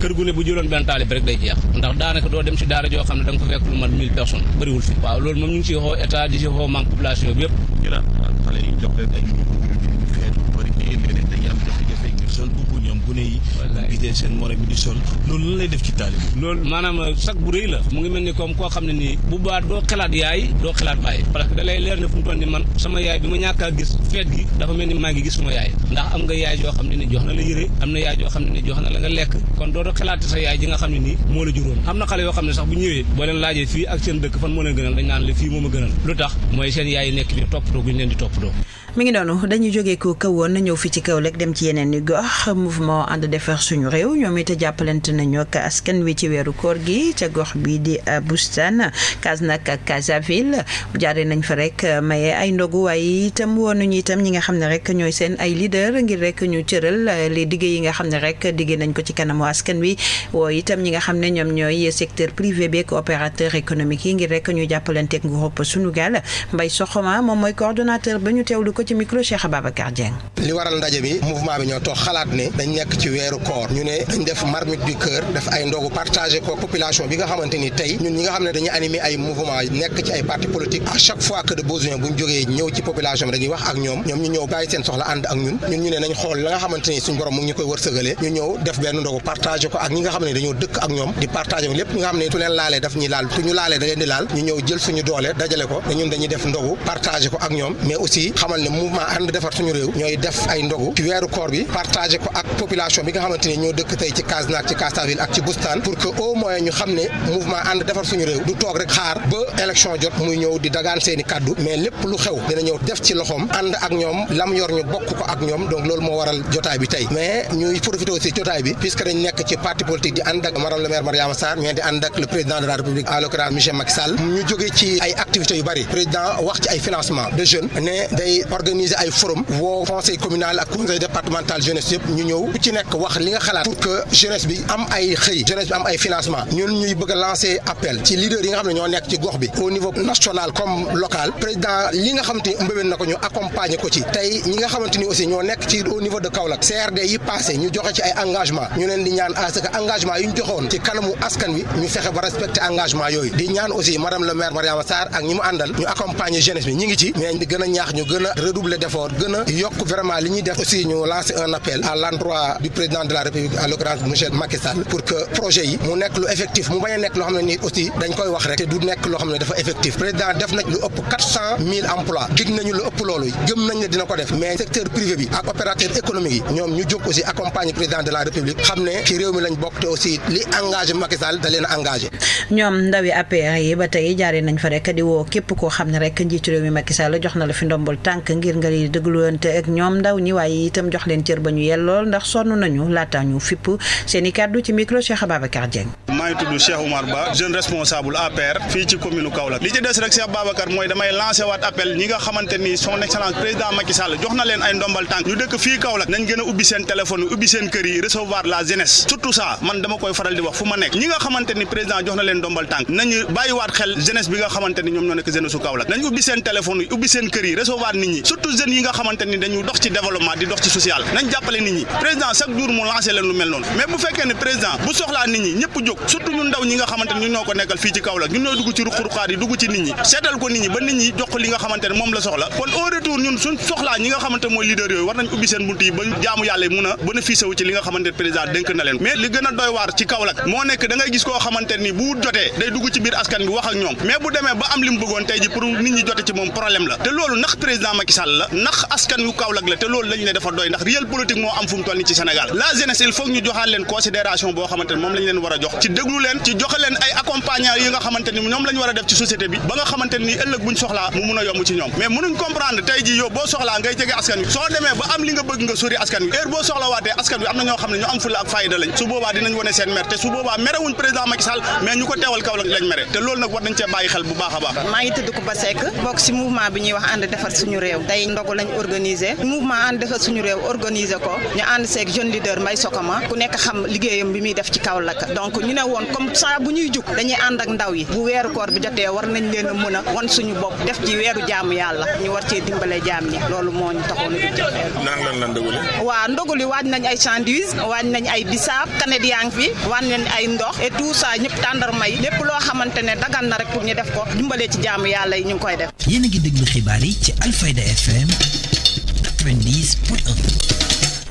kër gu bu jëloon benn taalib rek day jeex ndax daanaka doo dem si daara joo xam ne da ko fekk lu mat mille personnes bëriwul fi waaw loolu moom ñu si xoo état di si xoo manque population bi yëpp xale yi jox leen ay xeetu bëri léeg-léeg dañuy am jafe sol bubbu ñoom gune yi bu gisee seen la bi di sol loolu lan lay def ci taalibe loolu maanaam euh, sax bu rëy la mu ngi mel ni comme koo xam ne nii bu baa doo xalaat yaay doo xalaat bàyyi parce que da lay leer ne fu mu toll ni man sama ma dafa mel ni maa ngi gis suma yaay ndax am nga yaay yoo xam ne ni jox na la yére am na yaay yoo xam ne ni jox na la nga lekk kon doo doo xalaat sa yaay ji nga xam ne nii moo la juróon am na xale yoo xam ne sax bu ñëwee boo leen laajee fii ak seen dëkk fan moo leen gënal dañ naan la fii moo leen di toppatoo mi ngi noonu dañuy jógee ko kawoon ñëw fi ci Kaolack dem ci yeneen i gox mouvement ànd defar suñu réew ñoom it jàppalante nañu ak askan wi ci weeru koor gi ca gox bi di Boustane Cas nag ak Casaville jaaree nañ fa rek maye ay ndogu waaye itam woonu ñu itam ñi nga xam ne rek ñooy seen ay leader ngir rek ñu cëral li diggé yi nga xam ne rek diggé nañ ko ci kanam askan wi woo itam ñi nga xam ne ñoom ñooy secteur privé bi ak opérateur économique yi ngir rek ñu jàppalanteeg nguurub Sunugal Mbaye ko ci micro Cheikh Ababacar Dieng. li waral ndaje bi mouvement bi ñoo tok xalaat ne dañ nekk ci weeru koor ñu ne dañ def marmite bi cœur def ay ndogu partagé ko population bi nga xamanteni tay ñun ñi nga xamne ne dañuy animé ay mouvement nekk ci ay parti politique à chaque fois que de besoin buñ joggé ñew ci population bi dañuy wax ak ñom ñom ñu ñew bàyyi seen soxla and ak ñun ñun ñu ne nañ xol la nga xamanteni suñu borom mu ngi koy wërsëgalee ñu ñew def benn ndogu partagé ko ak ñi nga xam dañoo dëkk ak ñom di partagé lépp ñi nga xam tu len laalé daf ñi laal tu ñu laalé da leen di laal ñu ñew jël suñu doole dajale ko ñun dañuy def ndogu partagé ko ak ñom mais aussi xamal ne mouvement ànd defar suñu réew ñooy def ay ndogu ci weeru koor bi partagé ko ak population bi nga xamante ne ñoo dëkk tey ci Kasnack ci Kastaville ak ci Boustane pour que au moins ñu xam ne mouvement ànd defar suñu réew du toog rek xaar ba élection jot muy ñëw di dagaan seeni kàddu mais lépp lu xew dina ñëw def ci loxoom ànd ak ñoom lam yor ñu bokk ko ak ñoom donc loolu moo waral jotaay bi tey mais ñuy profité aussi jotaay bi puisque dañ nekk ci parti politique di ànd ak madame le maire Mariama Sarr ñu di ànd ak le président de la république de jeunes organiser ay forum wo conseil communal ak conseil départemental jeunesse yëpp ñu ñëw ku ci nekk wax li nga xalaat pour que jeunesse bi am ay xey jeunesse bi am ay financement ñun ñuy bëgg lancer appel ci leader yi nga xam ne ñoo nekk ci gox bi au niveau national comme local président li nga xamanteni ni nako ñu accompagner ko ci tay ñi nga xamanteni aussi ñoo nekk ci au niveau de Kaolack CRD yi passé ñu joxe ci ay engagement ñu leen di ñaan à ce que engagement yu ñu joxoon ci kanamu askan wi ñu fexé ba respecter engagement yooyu di ñaan aussi madame le maire Mariama Sar ak ñi mu àndal ñu accompagner jeunesse bi ñi ngi ci mais gëna ñaax ñu gëna redoubler d'efforts gëna a vraiment li ñuy def aussi ñu lancer un appel à l'endroit du président de la république à l'occurrence monsieur Macky Sall pour que projet yi mu nekk lu effectif mu bañ nekk lo xamné ni aussi dañ koy wax rek te du nekk lo xamné dafa effectif président def nañ lu ëpp quatre emplois dig nañu lu ëpp loolu gëm nañ ne dina ko def mais secteur privé bi ak opérateur économique yi ñom ñu jóg aussi accompagner président de la république xamné ci réew mi lañ bok te aussi li engagé Macky Sall da leen engagé. ñom ndawi APR yi ba tey jaaree nañ fa rek di wo képp ko xamné ne rek njiitu réew mi Macky Sall jox na la fi ndombol tank ngir nga di deglouante ak ñom ndaw ñi waye itam jox leen cër bañu ñu yellool ndax sonu nañu laata ñu fipp seeni kaddu ci micro Cheikh babacar Dieng. may tuddu Cheikh Oumar Ba jeune responsable APR fi ci commune kaoula li ci dess rek Cheikh Babacar moy damay lancer wat appel ñi nga xamanteni ni son excellent président Macky Sall jox na leen ay ndombal tank ñu dëkk fi kaoula nañ gëna ubbi seen téléphone ubbi seen kër yi recevoir la jeunesse surtout ça man dama koy faral di wax fuma nek ñi nga xamanteni président jox na leen ndombal tànk nañu wat xel jeunesse bi nga xamanteni ñom ñoo nek jeunesse kaoula nañ ubbi seen téléphone ubbi seen kër yi recevoir nit ñi surtout jeunes yi nga xamanteni dañu dox ci développement di dox ci social nañ jappalé nit ñi président chaque jour mu lancer leen lu mel non mais bu fekkee ni président bu soxla nit ñi ñepp jog surtout ñun ndaw ñi nga xamanteni ñu ñoko nekkal fi ci kawla ñun ñoo dugg ci ruqruqaat yi dugg ci nit ñi sétal ko nit ñi ba nit ñi jox ko li nga xamanteni mom la soxla kon au retour ñun suñ soxla ñi nga xamanteni moy leader yoy war nañ ubbi seen bunti ba jaamu yalla mëna a wu ci li nga xamanteni président dénk na leen mais li gëna doy war ci kawla mo nekk da ngay gis ko xamanteni bu jotee day dugg ci bir askan bi wax ak ñom mais bu démé ba am lim bëggon tay ji pour nit ñi jote ci mom problème la té lolu ndax président Macky Macky Sall la ndax askan yu Kaolack la te loolu lañ ne dafa doy ndax réel politique moo am fu mu toll ni ci Sénégal la jeunesse il faut ñu joxaat leen considération boo xamante ne moom lañ leen war a jox ci déglu leen ci joxe leen ay accompagnant yi nga xamante ni ñoom lañ war a def ci société bi ba nga xamante ni ëllëg buñ soxlaa mu mun a yomb ci ñoom mais mënuñ comprendre tey ji yow boo soxlaa ngay jege askan wi soo demee ba am li nga bëgg nga sori askan heure soxla askan ñu am fulla ak fayda lañ su dinañ te su président Macky Sall mais lañ te war nañ xel bu baax ngi ko ba mouvement bi ñuy wax suñu réew day ndogu lañ organiser mouvement ànd defar suñu réew organiser ko ñu ànd seeg jeune leader Mbaye Sokoma ku nekk xam liggéeyam bi muy def ci kaw Kaolack donc ñu ne woon comme saa bu ñuy jug dañuy ànd ak ndaw yi bu weeru koor bi jotee war nañ leen a mën a wan suñu bopp def ci weeru jaamu yàlla ñu war cee dimbale jaam ñi loolu moo ñu taxoon a dugg waaw li waaj nañ ay sandwich waaj nañ ay bisaab kanet yaa ngi fi waaj nañ ay ndox et tout ça ñëpp tàndarma yi lépp loo xamante ne dagan na rek pour ñu def ko dimbalee ci jaamu yàlla yi ñu ngi koy def yéen a ngi déglu xibaar yi ci Alfayda FM, Aprendiz.com.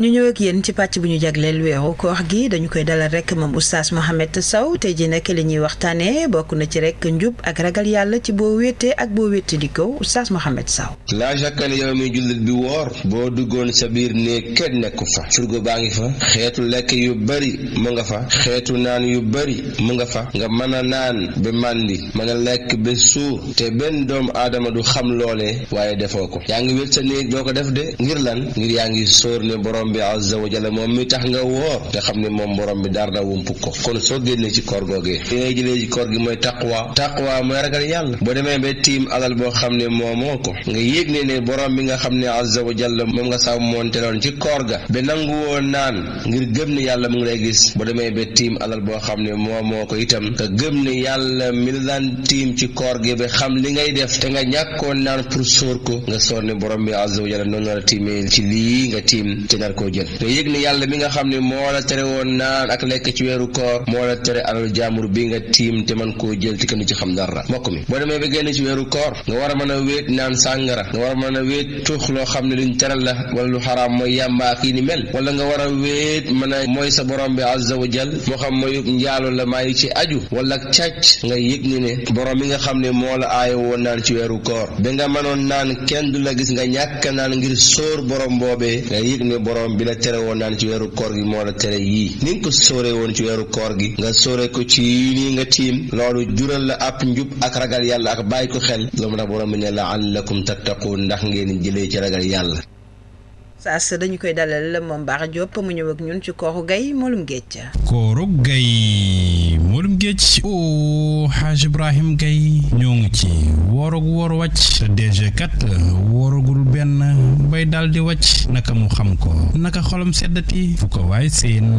ñu ñëw ak ci pàcc bu ñu jagleel weeru koor gi dañu koy dalal rek moom oustaz Mohamed Sow tey ji nag li ñuy waxtaanee bokk na ci rek njub ak ragal yàlla ci boo wéetee ak boo wéete di ko oustaz Mohamed Sow. laa shakka ne yow mi jullit bi woor boo duggoon sa biir ne kenn nekku fa frigo baa ngi fa xeetu lekk yu bari mu nga fa xeetu naan yu bari mu nga fa nga mën a naan ba màndi mën a lekk ba suur te benn doomu aadama du xam loolee waaye defoo bi wa jalla moom mi tax nga woor te xam ne moom borom bi dara wumpuk ko kon soo génnee ci koor googee li ngay jëlee ci koor gi mooy taqwa taqwa mooy ragal yàlla boo demee ba tiim alal boo xam ne moomoo ko nga yéeg ne ne bi nga xam ne azza jalla moom nga saaw moonteloon ci koor ga ba nangu woo naan ngir gëm ne yàlla mu ngi lay gis boo demee ba tiim alal boo xam ne moomoo ko itam nga gëm ne yàlla mi la daan tiim ci koor gi ba xam li ngay def te nga ñàkkoon naan pour sóor ko nga sóor ne borom bi azza wa noonu la tiimee ci lii nga tiim te nar koo jël te yëg ni yàlla mi nga xam ne moo ba génn ci war a mën a wéet naan sàngara nga war a mën a wéet tux loo xam ne luñ teral la wala lu xaraam mooy yàmba ak yi ni mel a wéet mën a mooy sa borom bi azza wa jal moo xam mooy njaalu la maa ngi ci aju wala càcc nga yëg ni ne borom mi nga xam ne moo la aaya woon naan ci weeru koor ba nga mënoon naan kenn du la gis nga ñàkk naan ngir sóor borom boobee nga yëg ne borom borom bi la tere woon naan ci weeru koor gi moo la tere yii ni nga ko sóore woon ci weeru koor gi nga sóore ko ci yi nii nga tiim loolu jural la ab njub ak ragal yàlla ak bàyyi ko xel loolu tax borom bi ne la'allakum tattaquun ndax ngeen jëlee ci ragal yàlla sa dañu koy dalal mom bax jop mu ñew ak ñun ci koru gay molum koru gay molum o haj Ibrahim gay ñoo ngi ci worog wor wacc DG kat worogul ben bay daldi wacc naka mu xam ko naka xolam seddati fu ko way seen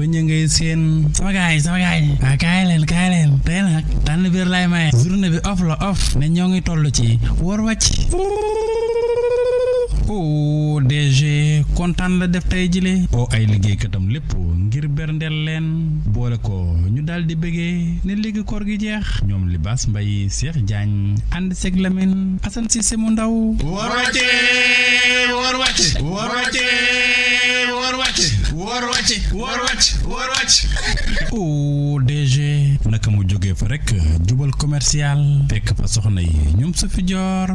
ñe ngay seen sama gay sama gay ah kaay leen kaay leen tey lay may journée bi off la off ne ñoo ngi tollu ci wor wacc o DG projet kontaan la def tey jile oo ay liggéeykatam lépp ngir berndeel leen boole ko ñu daal di bëggee ne léegi koor gi jeex ñoom Libaas Mbay Cheikh Diagne ànd seeg Lamine Assane Cissé mu ndaw warate woor wàcc woor wàcc woor wàcc woor wàcc naka mu jógee fa rek jubal commercial fekk fa soxna yi ñoom sa fi joor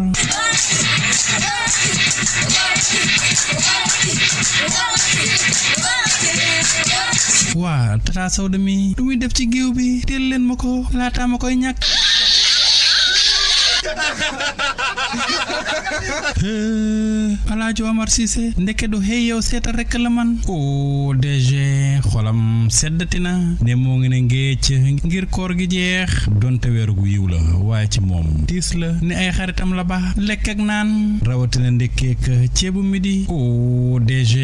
waa tata Sow de lu muy def ci géew bi teel leen ma ko laataa ma koy ñàkk Eh, Alaaji Omar Cissé ndeke du xëy yow seetal rekk la man o DG xolam seddati na ne moo ngi ne ngéecc ngir koor gi jeex donte weer gu yiw la waaye ci moom tiis la ne ay xaritam la baax lekk ak naan rawatina ndekkeek ceebu midi o DG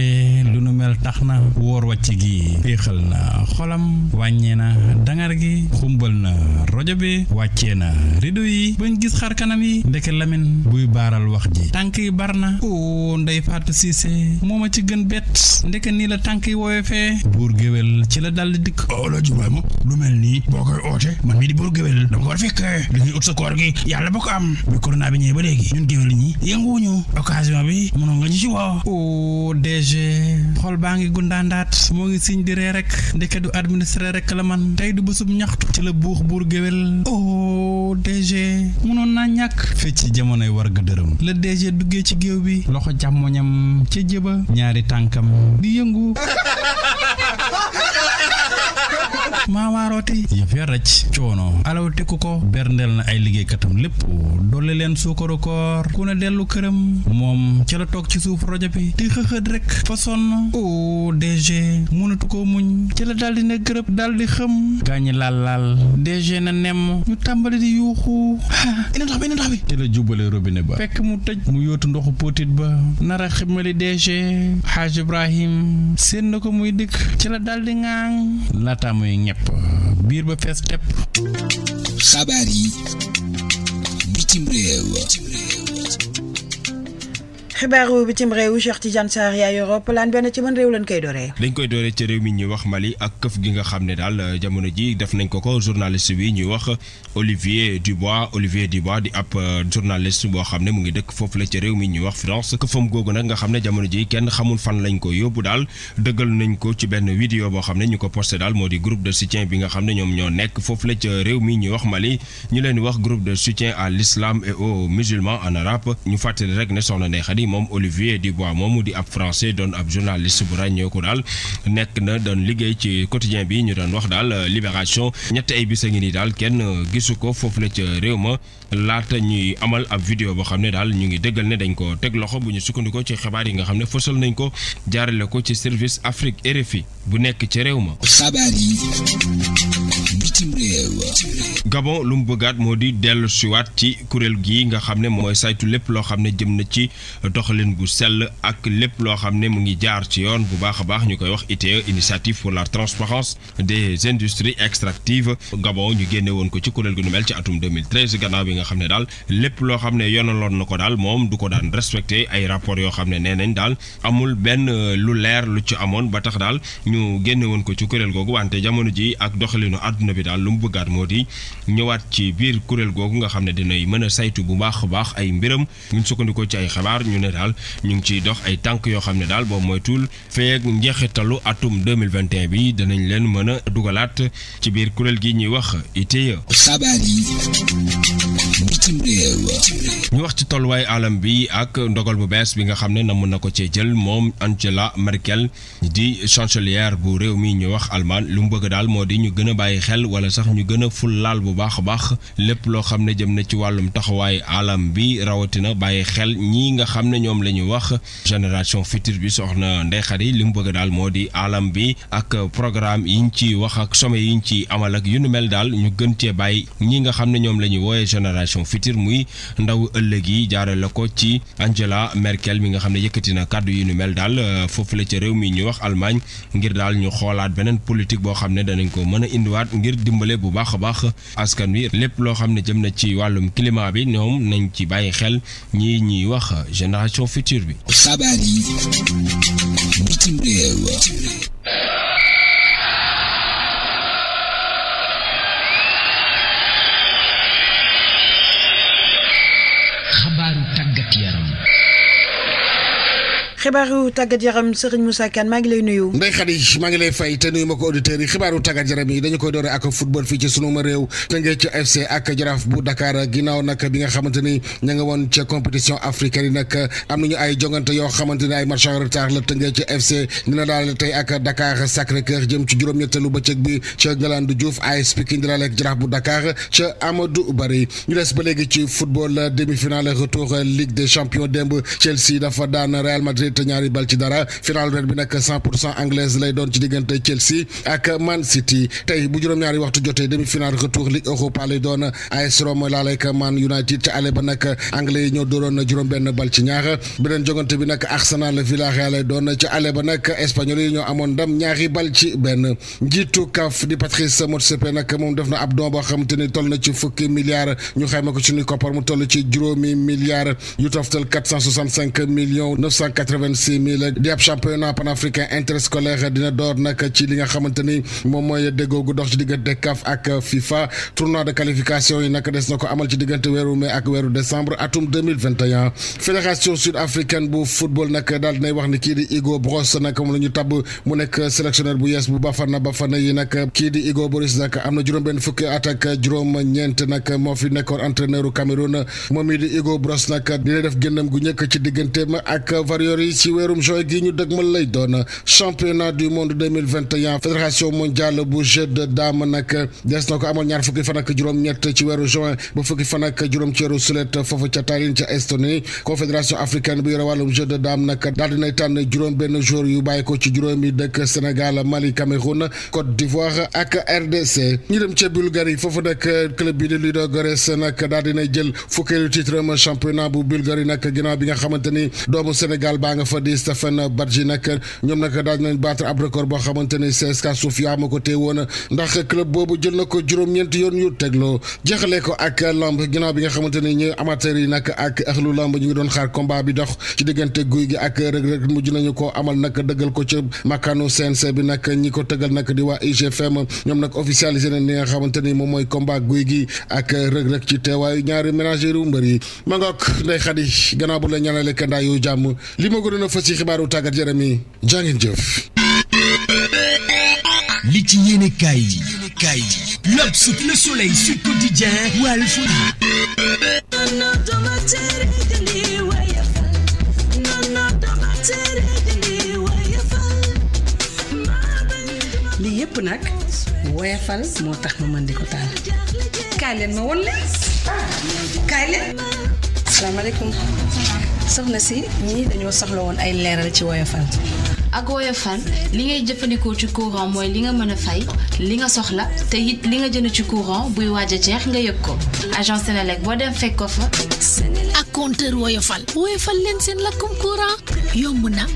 lu nu mel tax na woor wàcce gi féexal na xolam wàññee na dangar gi xumbal na rojo bi wàccee na rido yi bañ gis xar kanam yi ndeke lamin buy baaral wax ji tànk yi bar na o ndey faatu siise moo ma ci gën bett ndeke nii la tànk yi woowee fee buur géwél ci la dal di dikk olo oh, jubaay ma lu mel nii boo koy oote man mii di buur géwél dama ko war fekk li ñuy ut sa koor gi yàlla ba ko am bi corona bi ñëwee ba léegi ñun géwél ñi yënguwuñu occasion bi mënoon nga ñu ci woo o DG xool baa ngi gundaandaat moo ngi siñ di ree rek ndeke du administré rek la man tey du bésub ñaxtu ci la buux buur géwél o DG mënoon naa ñàkk fecc jamonoy war ga DG duggee ci géew bi loxo càmmoñam ca jëba ñaari tànkam di yëngu maamaarooti yëf ya rëcc coono alaw tekku ko berndeel na ay liggéeykatam lépp dolli leen suukaru koor ku ne dellu këram moom ca la toog ci suuf rojo bi te xëxët rek fa sonn o DG mënatu ko muñ ca la daldi ne gërëb daldi xëm gaañi laal laal DG na nemm ñu tàmbali di yuuxu ina ndox bi ina ndox bi ca la jubale robine ba fekk mu tëj mu yootu ndoxu póotit ba nara ximali DG xaaj Ibrahim seen na ko muy dikk ca la daldi ŋaaŋ laata muy tepp biir ba fees tepp xabaar yi bitim réew xibaaru bitim réew Cheikh Tidiane Sarr yaay Europe lan benn ci man réew lan koy dooree. dañ koy dooree ci réew mi ñuy wax Mali ak këf gi nga xam ne daal euh, jamono ji def nañ ko ko journaliste bi ñuy wax Olivier Dubois Olivier Dubois di ab euh, journaliste boo xam ne mu ngi dëkk foofu la ci réew mi ñuy wax France këfam googu nag nga xam ne jamono ji kenn xamul fan lañ ko yóbbu daal dëggal nañ ko ci benn vidéo boo xam ne ñu ko posté daal moo di groupe de soutien bi nga xam ne ñoom ñoo nekk foofu la ci réew mi ñuy wax Mali ñu leen wax groupe de soutien à l'islam et au musulmans en arabe ñu fàttali rek ne soxna ne xadi moom Olivier moom mu di ab français doon ab journaliste bu ràññeeku daal nekk na doon liggéey ci quotidien bi ñu doon wax daal euh, Libération ñetti ay bis a ngi nii daal kenn euh, gisu ko foofu la ca réew ma laata ñuy amal ab vidéo boo xam ne daal ñu ngi dëggal ne dañ ko teg loxo bu ñu sukkandikoo ci xabaar yi nga xam ne fësal nañ ko jaarale ko ci service Afrique RFI bu nekk ci réew ma. xabaar bitim réew Gabon lu mu bëggaat moo di dellu siwaat ci kuréel gi nga xam ne mooy saytu lépp loo xam ne jëm na ci doxalin gu sell ak lépp loo xam ne mu ngi jaar ci yoon bu baax a baax ñu koy wax itee initiative pour la transparence des industries extractives Gabon ñu génne woon ko ci kuréel gu nu mel ci atum 2013 gannaaw bi nga xam ne daal lépp loo xam ne yoonaloon na ko daal moom du ko daan respecté ay rapport yoo xam ne nee nañ daal amul benn lu leer lu ci amoon ba tax daal ñu génne woon ko ci kuréel googu wante jamono ji ak doxalinu àdduna bi daal lu mu bëggaat moo di ñëwaat ci biir kuréel googu nga xam ne dinay mën a saytu bu baax baax ay mbiram ñu sukkandikoo ci ay xabaar ñu ne daal ñu ngi ciy dox ay tànk yoo xam ne daal boobu moytul feeg njeexitalu atum 2021 bi danañ leen mën a dugalaat ci biir kuréel gi ñuy wax ITIE. xabaar yi wax ci tolluwaay alam bi ak ndogal bu bees bi nga xam ne namm na ko cee jël moom Angela Merkel di chancelière bu réew mi ñu wax almaan lu mu daal moo di ñu gën bàyyi xel. wala sax ñu gën a ful laal bu baax a baax lépp loo xam ne jëm na ci wàllum taxawaayu alam bi rawatina bàyyi xel ñii nga xam ne ñoom la wax génération future bi soxna Ndeye Khady li mu bëgg daal moo di alam bi ak programme yiñ ci wax ak sommet yiñ ci amal ak yu nu mel daal ñu gën cee bàyyi ñii nga xam ne ñoom la ñu wooyee génération future muy ndaw ëllëg yi jaare la ko ci Angela Merkel bi nga xam ne yëkkati na kàddu yu nu mel daal euh, foofu la ca réew mi ñu wax Allemagne ngir daal ñu xoolaat beneen politique boo xam dimbale bu baax a baax askan wi lépp lo xamné jëm na ci walum climat bi ñom nañ ci bàyyi xel ñi ñi wax génération future bi. xabaar bitim rew xibaaru tàggat yaram Serigne Moussa Kane maa ngi lay nuyu. Ndeye Khady maa ngi lay fay te nuyu ma ko auditeurs bi nga xamante ni ña nga woon ca compétition africaine yi nag am nañu ay jongante yoo xamante ni ay match en retard la Teungueth FC dina daal tey ak Dakar Sacré-Cœur jëm ci juróom-ñetteelu bëccëg bi ca Ngalandou Diouf AS Pikine dina daal ak Jaraaf bu Dakar ca Amadou Barry ñu des ba léegi ci football demi-finale retour Ligue des champions démb Chelsea dafa daan Real Madrid te ñaari bal ci dara final ren bi nag anglaise lay doon ci diggante Chelsea ak Man City tey bu juróom-ñaari waxtu jotee demi final retour Ligue Europa lay doon AS Roma laa lay Man United ca ale ba nag anglais yi ñoo dooroon juróom-benn bal ci ñaar beneen jogante bi nag Arsenal Villarreal lay doon ca ale ba nag espagnol yi ñoo amoon ndam ñaari bal ci benn njiitu CAF di Patrice Motsepe nag moom def na ab don boo xamante ni ni toll quatre-vingt-six di ab championnat panafricain interscolaire dina door nag ci li nga xamante moom mooy déggoo gu dox ci diggante CAF ak FIFA tournoi de qualification yi nag des na ko amal ci diggante weeru mai ak weeru décembre atum fédération sud africaine bu football nag daal dinay wax ni kii di Hugo Broos nag moom la ñu mu nekk sélectionneur bu yees bu Bafana Bafana yi nag kii di Hugo Boris nag am na juróom-benn fukki at juróom-ñeent nag moo yi ci weerum juin gi ñu dëgmal lay doon championnat du monde 2021 fédération mondiale bu jeu de dame nak des na ko amal ñaar fukki fan ak juróom-ñett ci weeru juin ba fukki fan ak juróom ci weeru sulet fofu ca Tallinn ca Estonie confédération africaine bu yore wàllum jeu de dame nak daal dinay tànn juróom benn jour yu bàyyi ko ci juróomi dëkk Sénégal Mali Cameroun Côte d'Ivoire ak RDC ñu dem ca Bulgarie fofu nak club bi di Ludo Goretz nak daal dinay jël fukkeelu titre championnat bu Bulgarie nak ginnaaw bi nga xamante ni doomu Sénégal baa nga fa di Stéphane Badji nag ñoom nag daal nañ battre ab boo xamante ne CSKA Sofia moo ko téye woon ndax club boobu jël na ko juróom-ñeenti yoon yu tegloo jeexalee ko ak lamb ginnaaw bi nga xamante ne ñooy amateurs yi nag ak axlu lamb ñu ngi doon xaar combat bi dox ci diggante guy gi ak rëg-rëg mujj nañu ko amal nag dëggal ko ci makkaanu CNC bi nag ñi ko tëggal nag di waa IGFM ñoom nag officialisé nañ li nga xamante ni moom mooy combat guy gi ak rëg-rëg ci teewaayu ñaari ménagères yu mbër yi ma la ñaanale kandaa yu jàmm li ma ko doon fas yi li ci yëpp nag woyafal moo tax ma mën di ko taal kaay leen ma won leen kaay leen asalaamaaleykum. soxna si ñii dañoo soxla woon ay leeral ci woyofal. ak woyofal li ngay jëfandikoo ci courant mooy li nga mën a fay li nga soxla te it li nga jënd ci courant buy waaj a jeex nga yëg ko agencé na Senelec boo dem fekk ko fa. ak compteur woyofal. woyofal leen seen lakkum courant. yomb na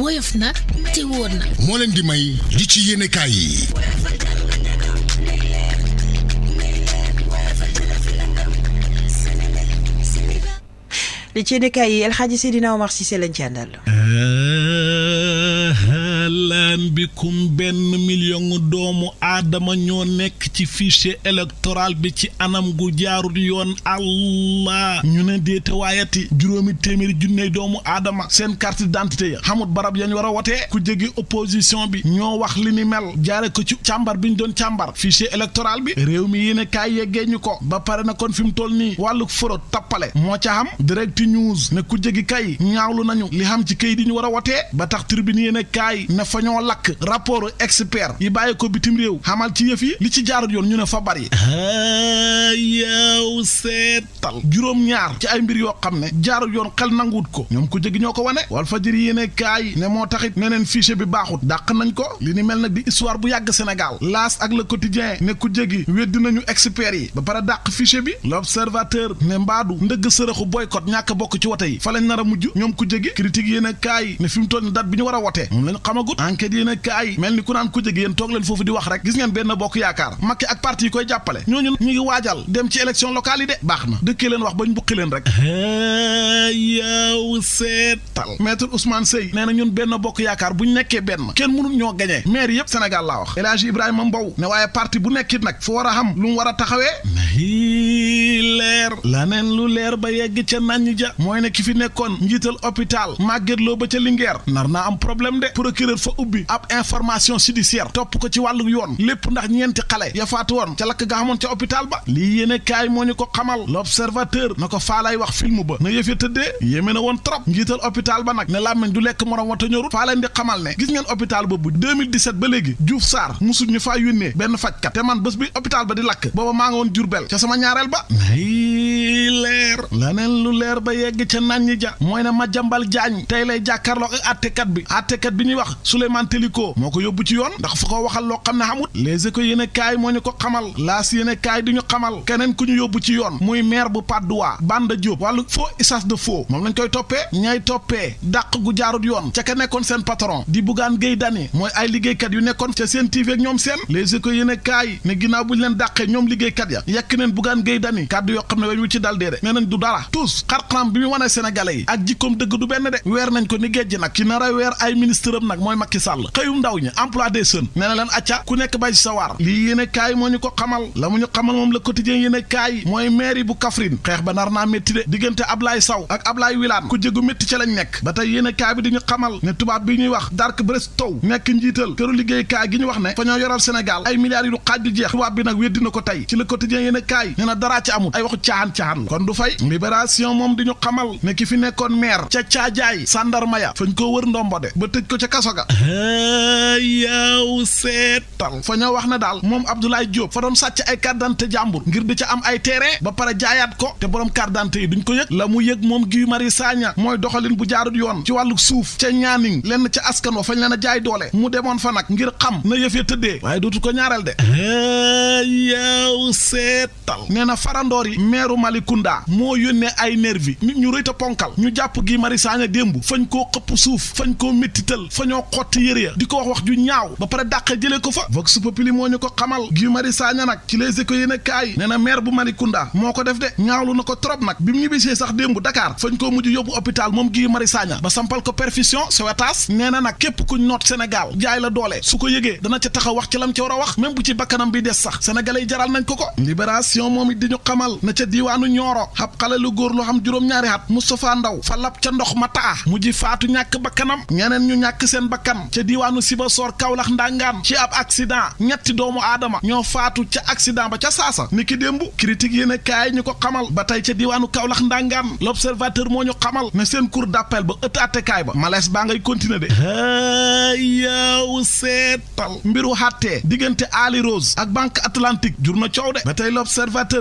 woyof na te wóor na. moo leen di may li ci yéene kaay yi. li ci yéenekaay yi El Hadji Seydina Omar Cissé lañ ci àndal an bikum benn million doomu adama ñoo nekk ci fichier électoral bi ci anam gu jaarul yoon allah ñu ne déete waayati juróomi téeméeri junne doomu aadama seen carte d'identité ya xamut barab yañ war a wotee ku jege opposition bi ñoo wax li ni mel jaare ko ci càmbar bi ñu doon càmbar fichier électoral bi réew mi yéene kaay yeggee ñu ko ba pare na kon fi mu toll nii wàllu foro tappale moo ca xam direct news ne ku jegi kay ñaawlu nañu li xam ci kayit yi ñu war a lakk rapport expert yi bàyyi ko bitim réew xamal ci yëf yi li ci jaarut yoon ñu ne fa bari yow seetal juróom-ñaar ci ay mbir yoo xam ne jaarut yoon xel nanguwut ko ñoom ko jëgi ñoo ko wane wal fajiri yéene kaay ne moo taxit neneen fichier bi baaxut dàq nañ ko li ni mel nag di histoire bu yàgg Sénégal laas ak le quotidien ne ku jëgi weddi nañu expert yi ba pare dàq fichier bi l'observateur ne mbaadu ndëgg sërëxu boycott ñàkk bokk ci wote yi fa lañ nar a mujj ñoom ku jëgi critique yéene kaay ne fi mu toll bi ñu war wote moom lañ xamagut enquête enquête yéen a mel ni ku naan kujje gi yéen toog leen foofu di wax rek gis ngeen benn bokk yaakaar Macky ak parti koy jàppale ñooñu ñu ngi waajal dem ci élection de baax na dëkkee leen wax bañ bukki leen rek yow seetal maître Ousmane Seye nee na ñun benn bokk yaakaar buñ nekkee benn kenn mënul ñoo gañee maire yëpp Sénégal laa wax El Hadji Ibrahima Mbow ne waaye parti bu nekkit nag fu war a xam lu mu war a taxawee leer lanen lu leer ba yegg ci nañu ja moy ne ki fi nekkon njital hôpital magget Lo ba ci Linguère narna am problème de procureur fa ubbi ab information judiciaire top ko ci walu yoon lepp ndax ñenti xalé ya faatu won ci lak ga xamoon ci hôpital ba li yene kay mo ñu ko xamal l'observateur nako fa lay wax film ba na yëf tedde ya tëddee yéeme na woon trop njital hôpital ba nak ne làmmiñ du lekk morom wa ñoru fa lay di xamal ne gis ngeen hôpital bu 2017 ba legi djouf sar musul ñu faa ben fajj kat te man bëss bi hôpital ba di lakk booba ma nga won Jurbel ci sama ñaarel ba leer laneen lu leer ba yegg ca naan ja mooy ne Madiambal Diagne tey lay jàkkaarloo ak attekat bi attekat bi ñuy wax Souleymane Teliko moo ko yóbbu ci yoon ndax fa ko waxal loo xam ne xamut Les Échos yéen a moo ñu ko xamal laas yéen a kaay ñu xamal keneen ku ñu yóbbu ci yoon mooy maire bu Patte d'Oie Banda Diop wàllu faux usage de faux moom lañ koy toppee ñay toppee dàq gu jaarut yoon ca ka nekkoon seen patron di Bougane Gueye Dany mooy ay liggéeykat yu nekkoon ca seen TV ak ñoom seen Les Échos leen dàqee ñoom liggéeykat ya yàkk neen Bougane Gueye Dany kàddu kàddu yoo xam ne weñ wu ci dal dee de nee nañ du dara tous xarxaram bi mu wane sénégalais yi ak jikkoom dëgg du benn de weer nañ ko ni géej nag ki nar a weer ay ministre nag mooy Macky Sall xëyum ndaw ñi emploi des jeunes nee na leen acca ku nekk bay ci sa waar lii yéene kaay moo ñu ko xamal la mu moom le quotidien yéene kaay mooy mairie bu Kaffrine xeex ba nar naa métti de diggante Ablaye Saw ak Ablaye Wilane ku jégu métti ca lañ nekk ba tey yéene kaay bi wax Dark Brestow nekk njiital këru liggéeykaay gi ñu wax ne fa ñoo yoral Sénégal ay milliards yu ko tey ci ay waxu caaxaan-caaxaan kon du fay libération moom di ñu xamal ne ki fi nekkoon maire ca caajaay sàndarma ya fañ ko wër ndombo de ba tëj ko ca kaso ga yaaw seetal fa ñoo wax na daal moom Abdoulaye Diop fa doon sàcc ay carte d'identité jàmbur ngir di ca am ay terrain ba pare jaayaat ko te boroom carte d'identité yi duñ ko yëg la mu yëg moom Guy Marius Sagna mooy doxalin bu jaarut yoon ci wàllu suuf ca ñaaning lenn ca askan wa fañ leen a jaay doole mu demoon fa nag ngir xam na yëf ya tëddee waaye dootu ko ñaareel de mooy meeru Malicounda moo yónnee ay nervi ñu rëy ta ponkal ñu jàpp gi Mari Sagna démb fañ koo xëpp suuf fañ koo méttital fa ñoo xotti yëre ya di ko wax wax ju ñaaw ba pare dàqe jëlee ko fa vox populi moo ñu ko xamal gi Mari Sagna nag ci les écoles yéen a kaay nee na maire bu Malicounda moo ko def de ñaawlu na ko trop nag bi mu ñibbisee sax démb Dakar fañ koo mujj yóbbu hôpital moom gi Mari Sagna ba sampal ko perfusion sowetaas nee na nag képp kuñ noot Sénégal jaay la doole su ko yëgee dana ca taxaw wax ci lam ca war a wax même bu ci bakkanam bi des sax sénégalais jaral nañ ko ko libération moom it di ñu na ca diiwaanu ñooro xab xalalu lu góor lu xam juróom-ñaari at Moustapha Ndaw fa lapp ca ndox ma taa mujj faatu ñàkk ba kanam ñeneen ñu ñàkk seen bakkan ca diiwaanu Sibassor Kaolack Ndangaan ci ab accident ñetti doomu aadama ñoo faatu ca accident ba ca saasa ni ki démb critique yéen a ñu ko xamal ba tey ca diiwaanu Kaolack Ndangaan l'observateur moo ñu xamal ne seen cour d'appel ba ëtt attekaay ba malaise baa ngay continuer de yaw seetal mbiru xàttee diggante Ali ak Banque Atlantique jur na coow de ba tey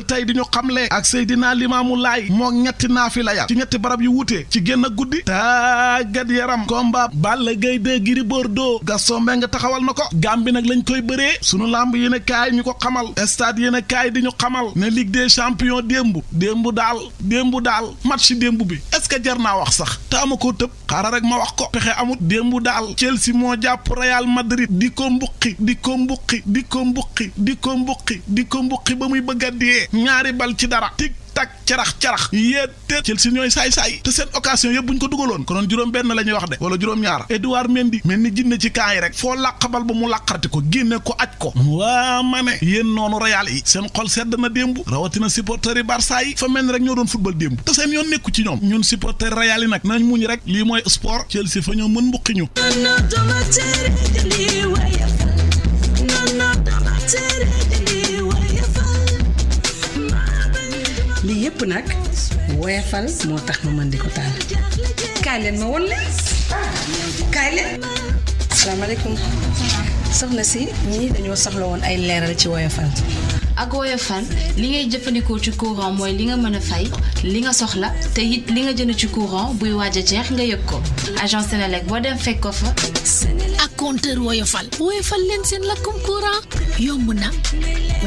tey di ñu xam le ak sayidina mulai lay mo ñetti naafila ya ci ñetti barab yu wuté ci genn guddi gad yaram combat Balla Gaye 2 Gris Bordeaux Gaston Mbengue taxawal nako gambi nak lañ koy bëree sunu lamb yene kay ñuko xamal stade yene kay di ñu xamal ne Ligue des champions dembu dembu dal dembu dal match dembu bi est-ce que jarna wax sax ta amako tepp xara rek ma wax ko pexé amut dembu dal Chelsea moja japp Real Madrid di ko mbukki di ko mbukki di ko mbukki di ko mbukki di ko mbukki ba muy bëgg ñaari bal dal ci dara tic tac carax carax yéete Chelsea ñooy saay-saay te seen occasion yëpp ñu ko dugaloon konoon juróom benn la ñuy wax de wala juróom-ñaar Edouard Mendy mel ni jinne ci kaa yi rek foo làqabal ba mu làqarti ko génne ko aj ko waa ma ne yéen noonu Real yi seen xol sedd na démb rawatina supporters yi Barça yi fa mel ni rek ñoo doon football démb te seen yoon nekku ci ñoom ñun supporters Real yi nag nañ muñ rek lii mooy sport Chelsea fa ñoo mën mbuqi lépp nag woyafal moo tax ma mën di ko taal kaay leen ma won leen kaay leen asalaamaaleykum soxna si ñii dañoo soxla woon ay leeral ci woyafal ak woyofal li ngay jëfandikoo ci courant mooy li nga mën a fay li nga soxla te it li nga jënd ci courant buy waaj a jeex nga yëg ko agence Senelec boo dem fekk ko fa. ak compteur woyofal woyofal leen seen lakkum courant yomb na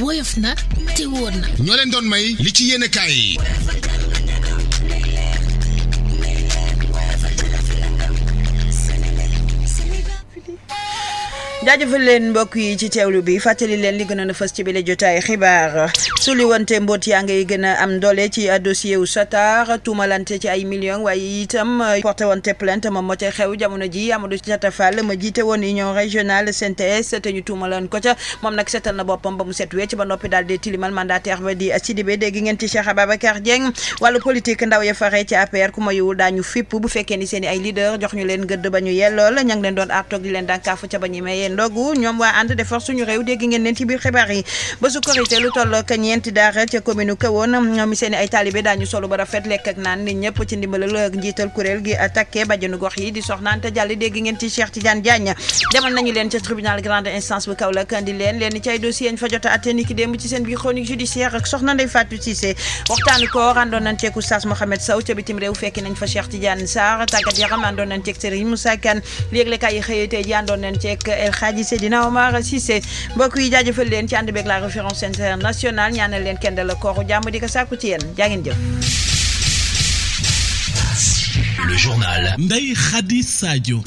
woyof na te wóor na. ñoo leen doon may li ci yéen kaay yi. jaajëfal leen mbokk yi ci teewlu bi fàttali leen li gënoon a fës ci bile jotaay xibaar suliwante mboot yaa ngay gën a am doole ci euh, dossier wu Satar tuumalante ci ay millions waaye itam euh, porté wante plainte moom moo ca xew jamono ji Amadou Diatta Fall ma jiite woon union régionale CNTS te ñu tuumaloon ko ca moom nag seetal na boppam ba mu set wecc ba noppi daal di tilimal mandataire ba di Sidibé dégg ngeen ci Cheikh Ababacar Dieng wàllu politique ndaw ya faree ci APR ku ma yiwul daañu fipp bu fekkee ni seen i ay leader jox ñu leen gëdd ba ñu yellool ña ngi leen doon artoog leen dànkaafu ca ba ñu mayee ndogu ñoom waa ànd defar suñu biir xibaar yi ñeenti ci a seen biir judiciaire ak soxna Ndeye Fatou Cissé waxtaanu ko àndoon nañ ceeg Oustaz Mohamed Sow ca bitim réew fekki nañ fa Cheikh Tidiane Sarr tàggat yaram àndoon nañ ceeg Serigne Moussa Kane yéeglekaay yi xëyee tey ji àndoon nañ ceeg El Hadji Seydina Omar Cissé mbokk yi jaajëfal leen ci ànd beeg la référence internationale ñaanal leen kenn dala kooku jàmm di ko sàkku ci yéen jaa ngeen Le journal Ndeye Khady Sadio.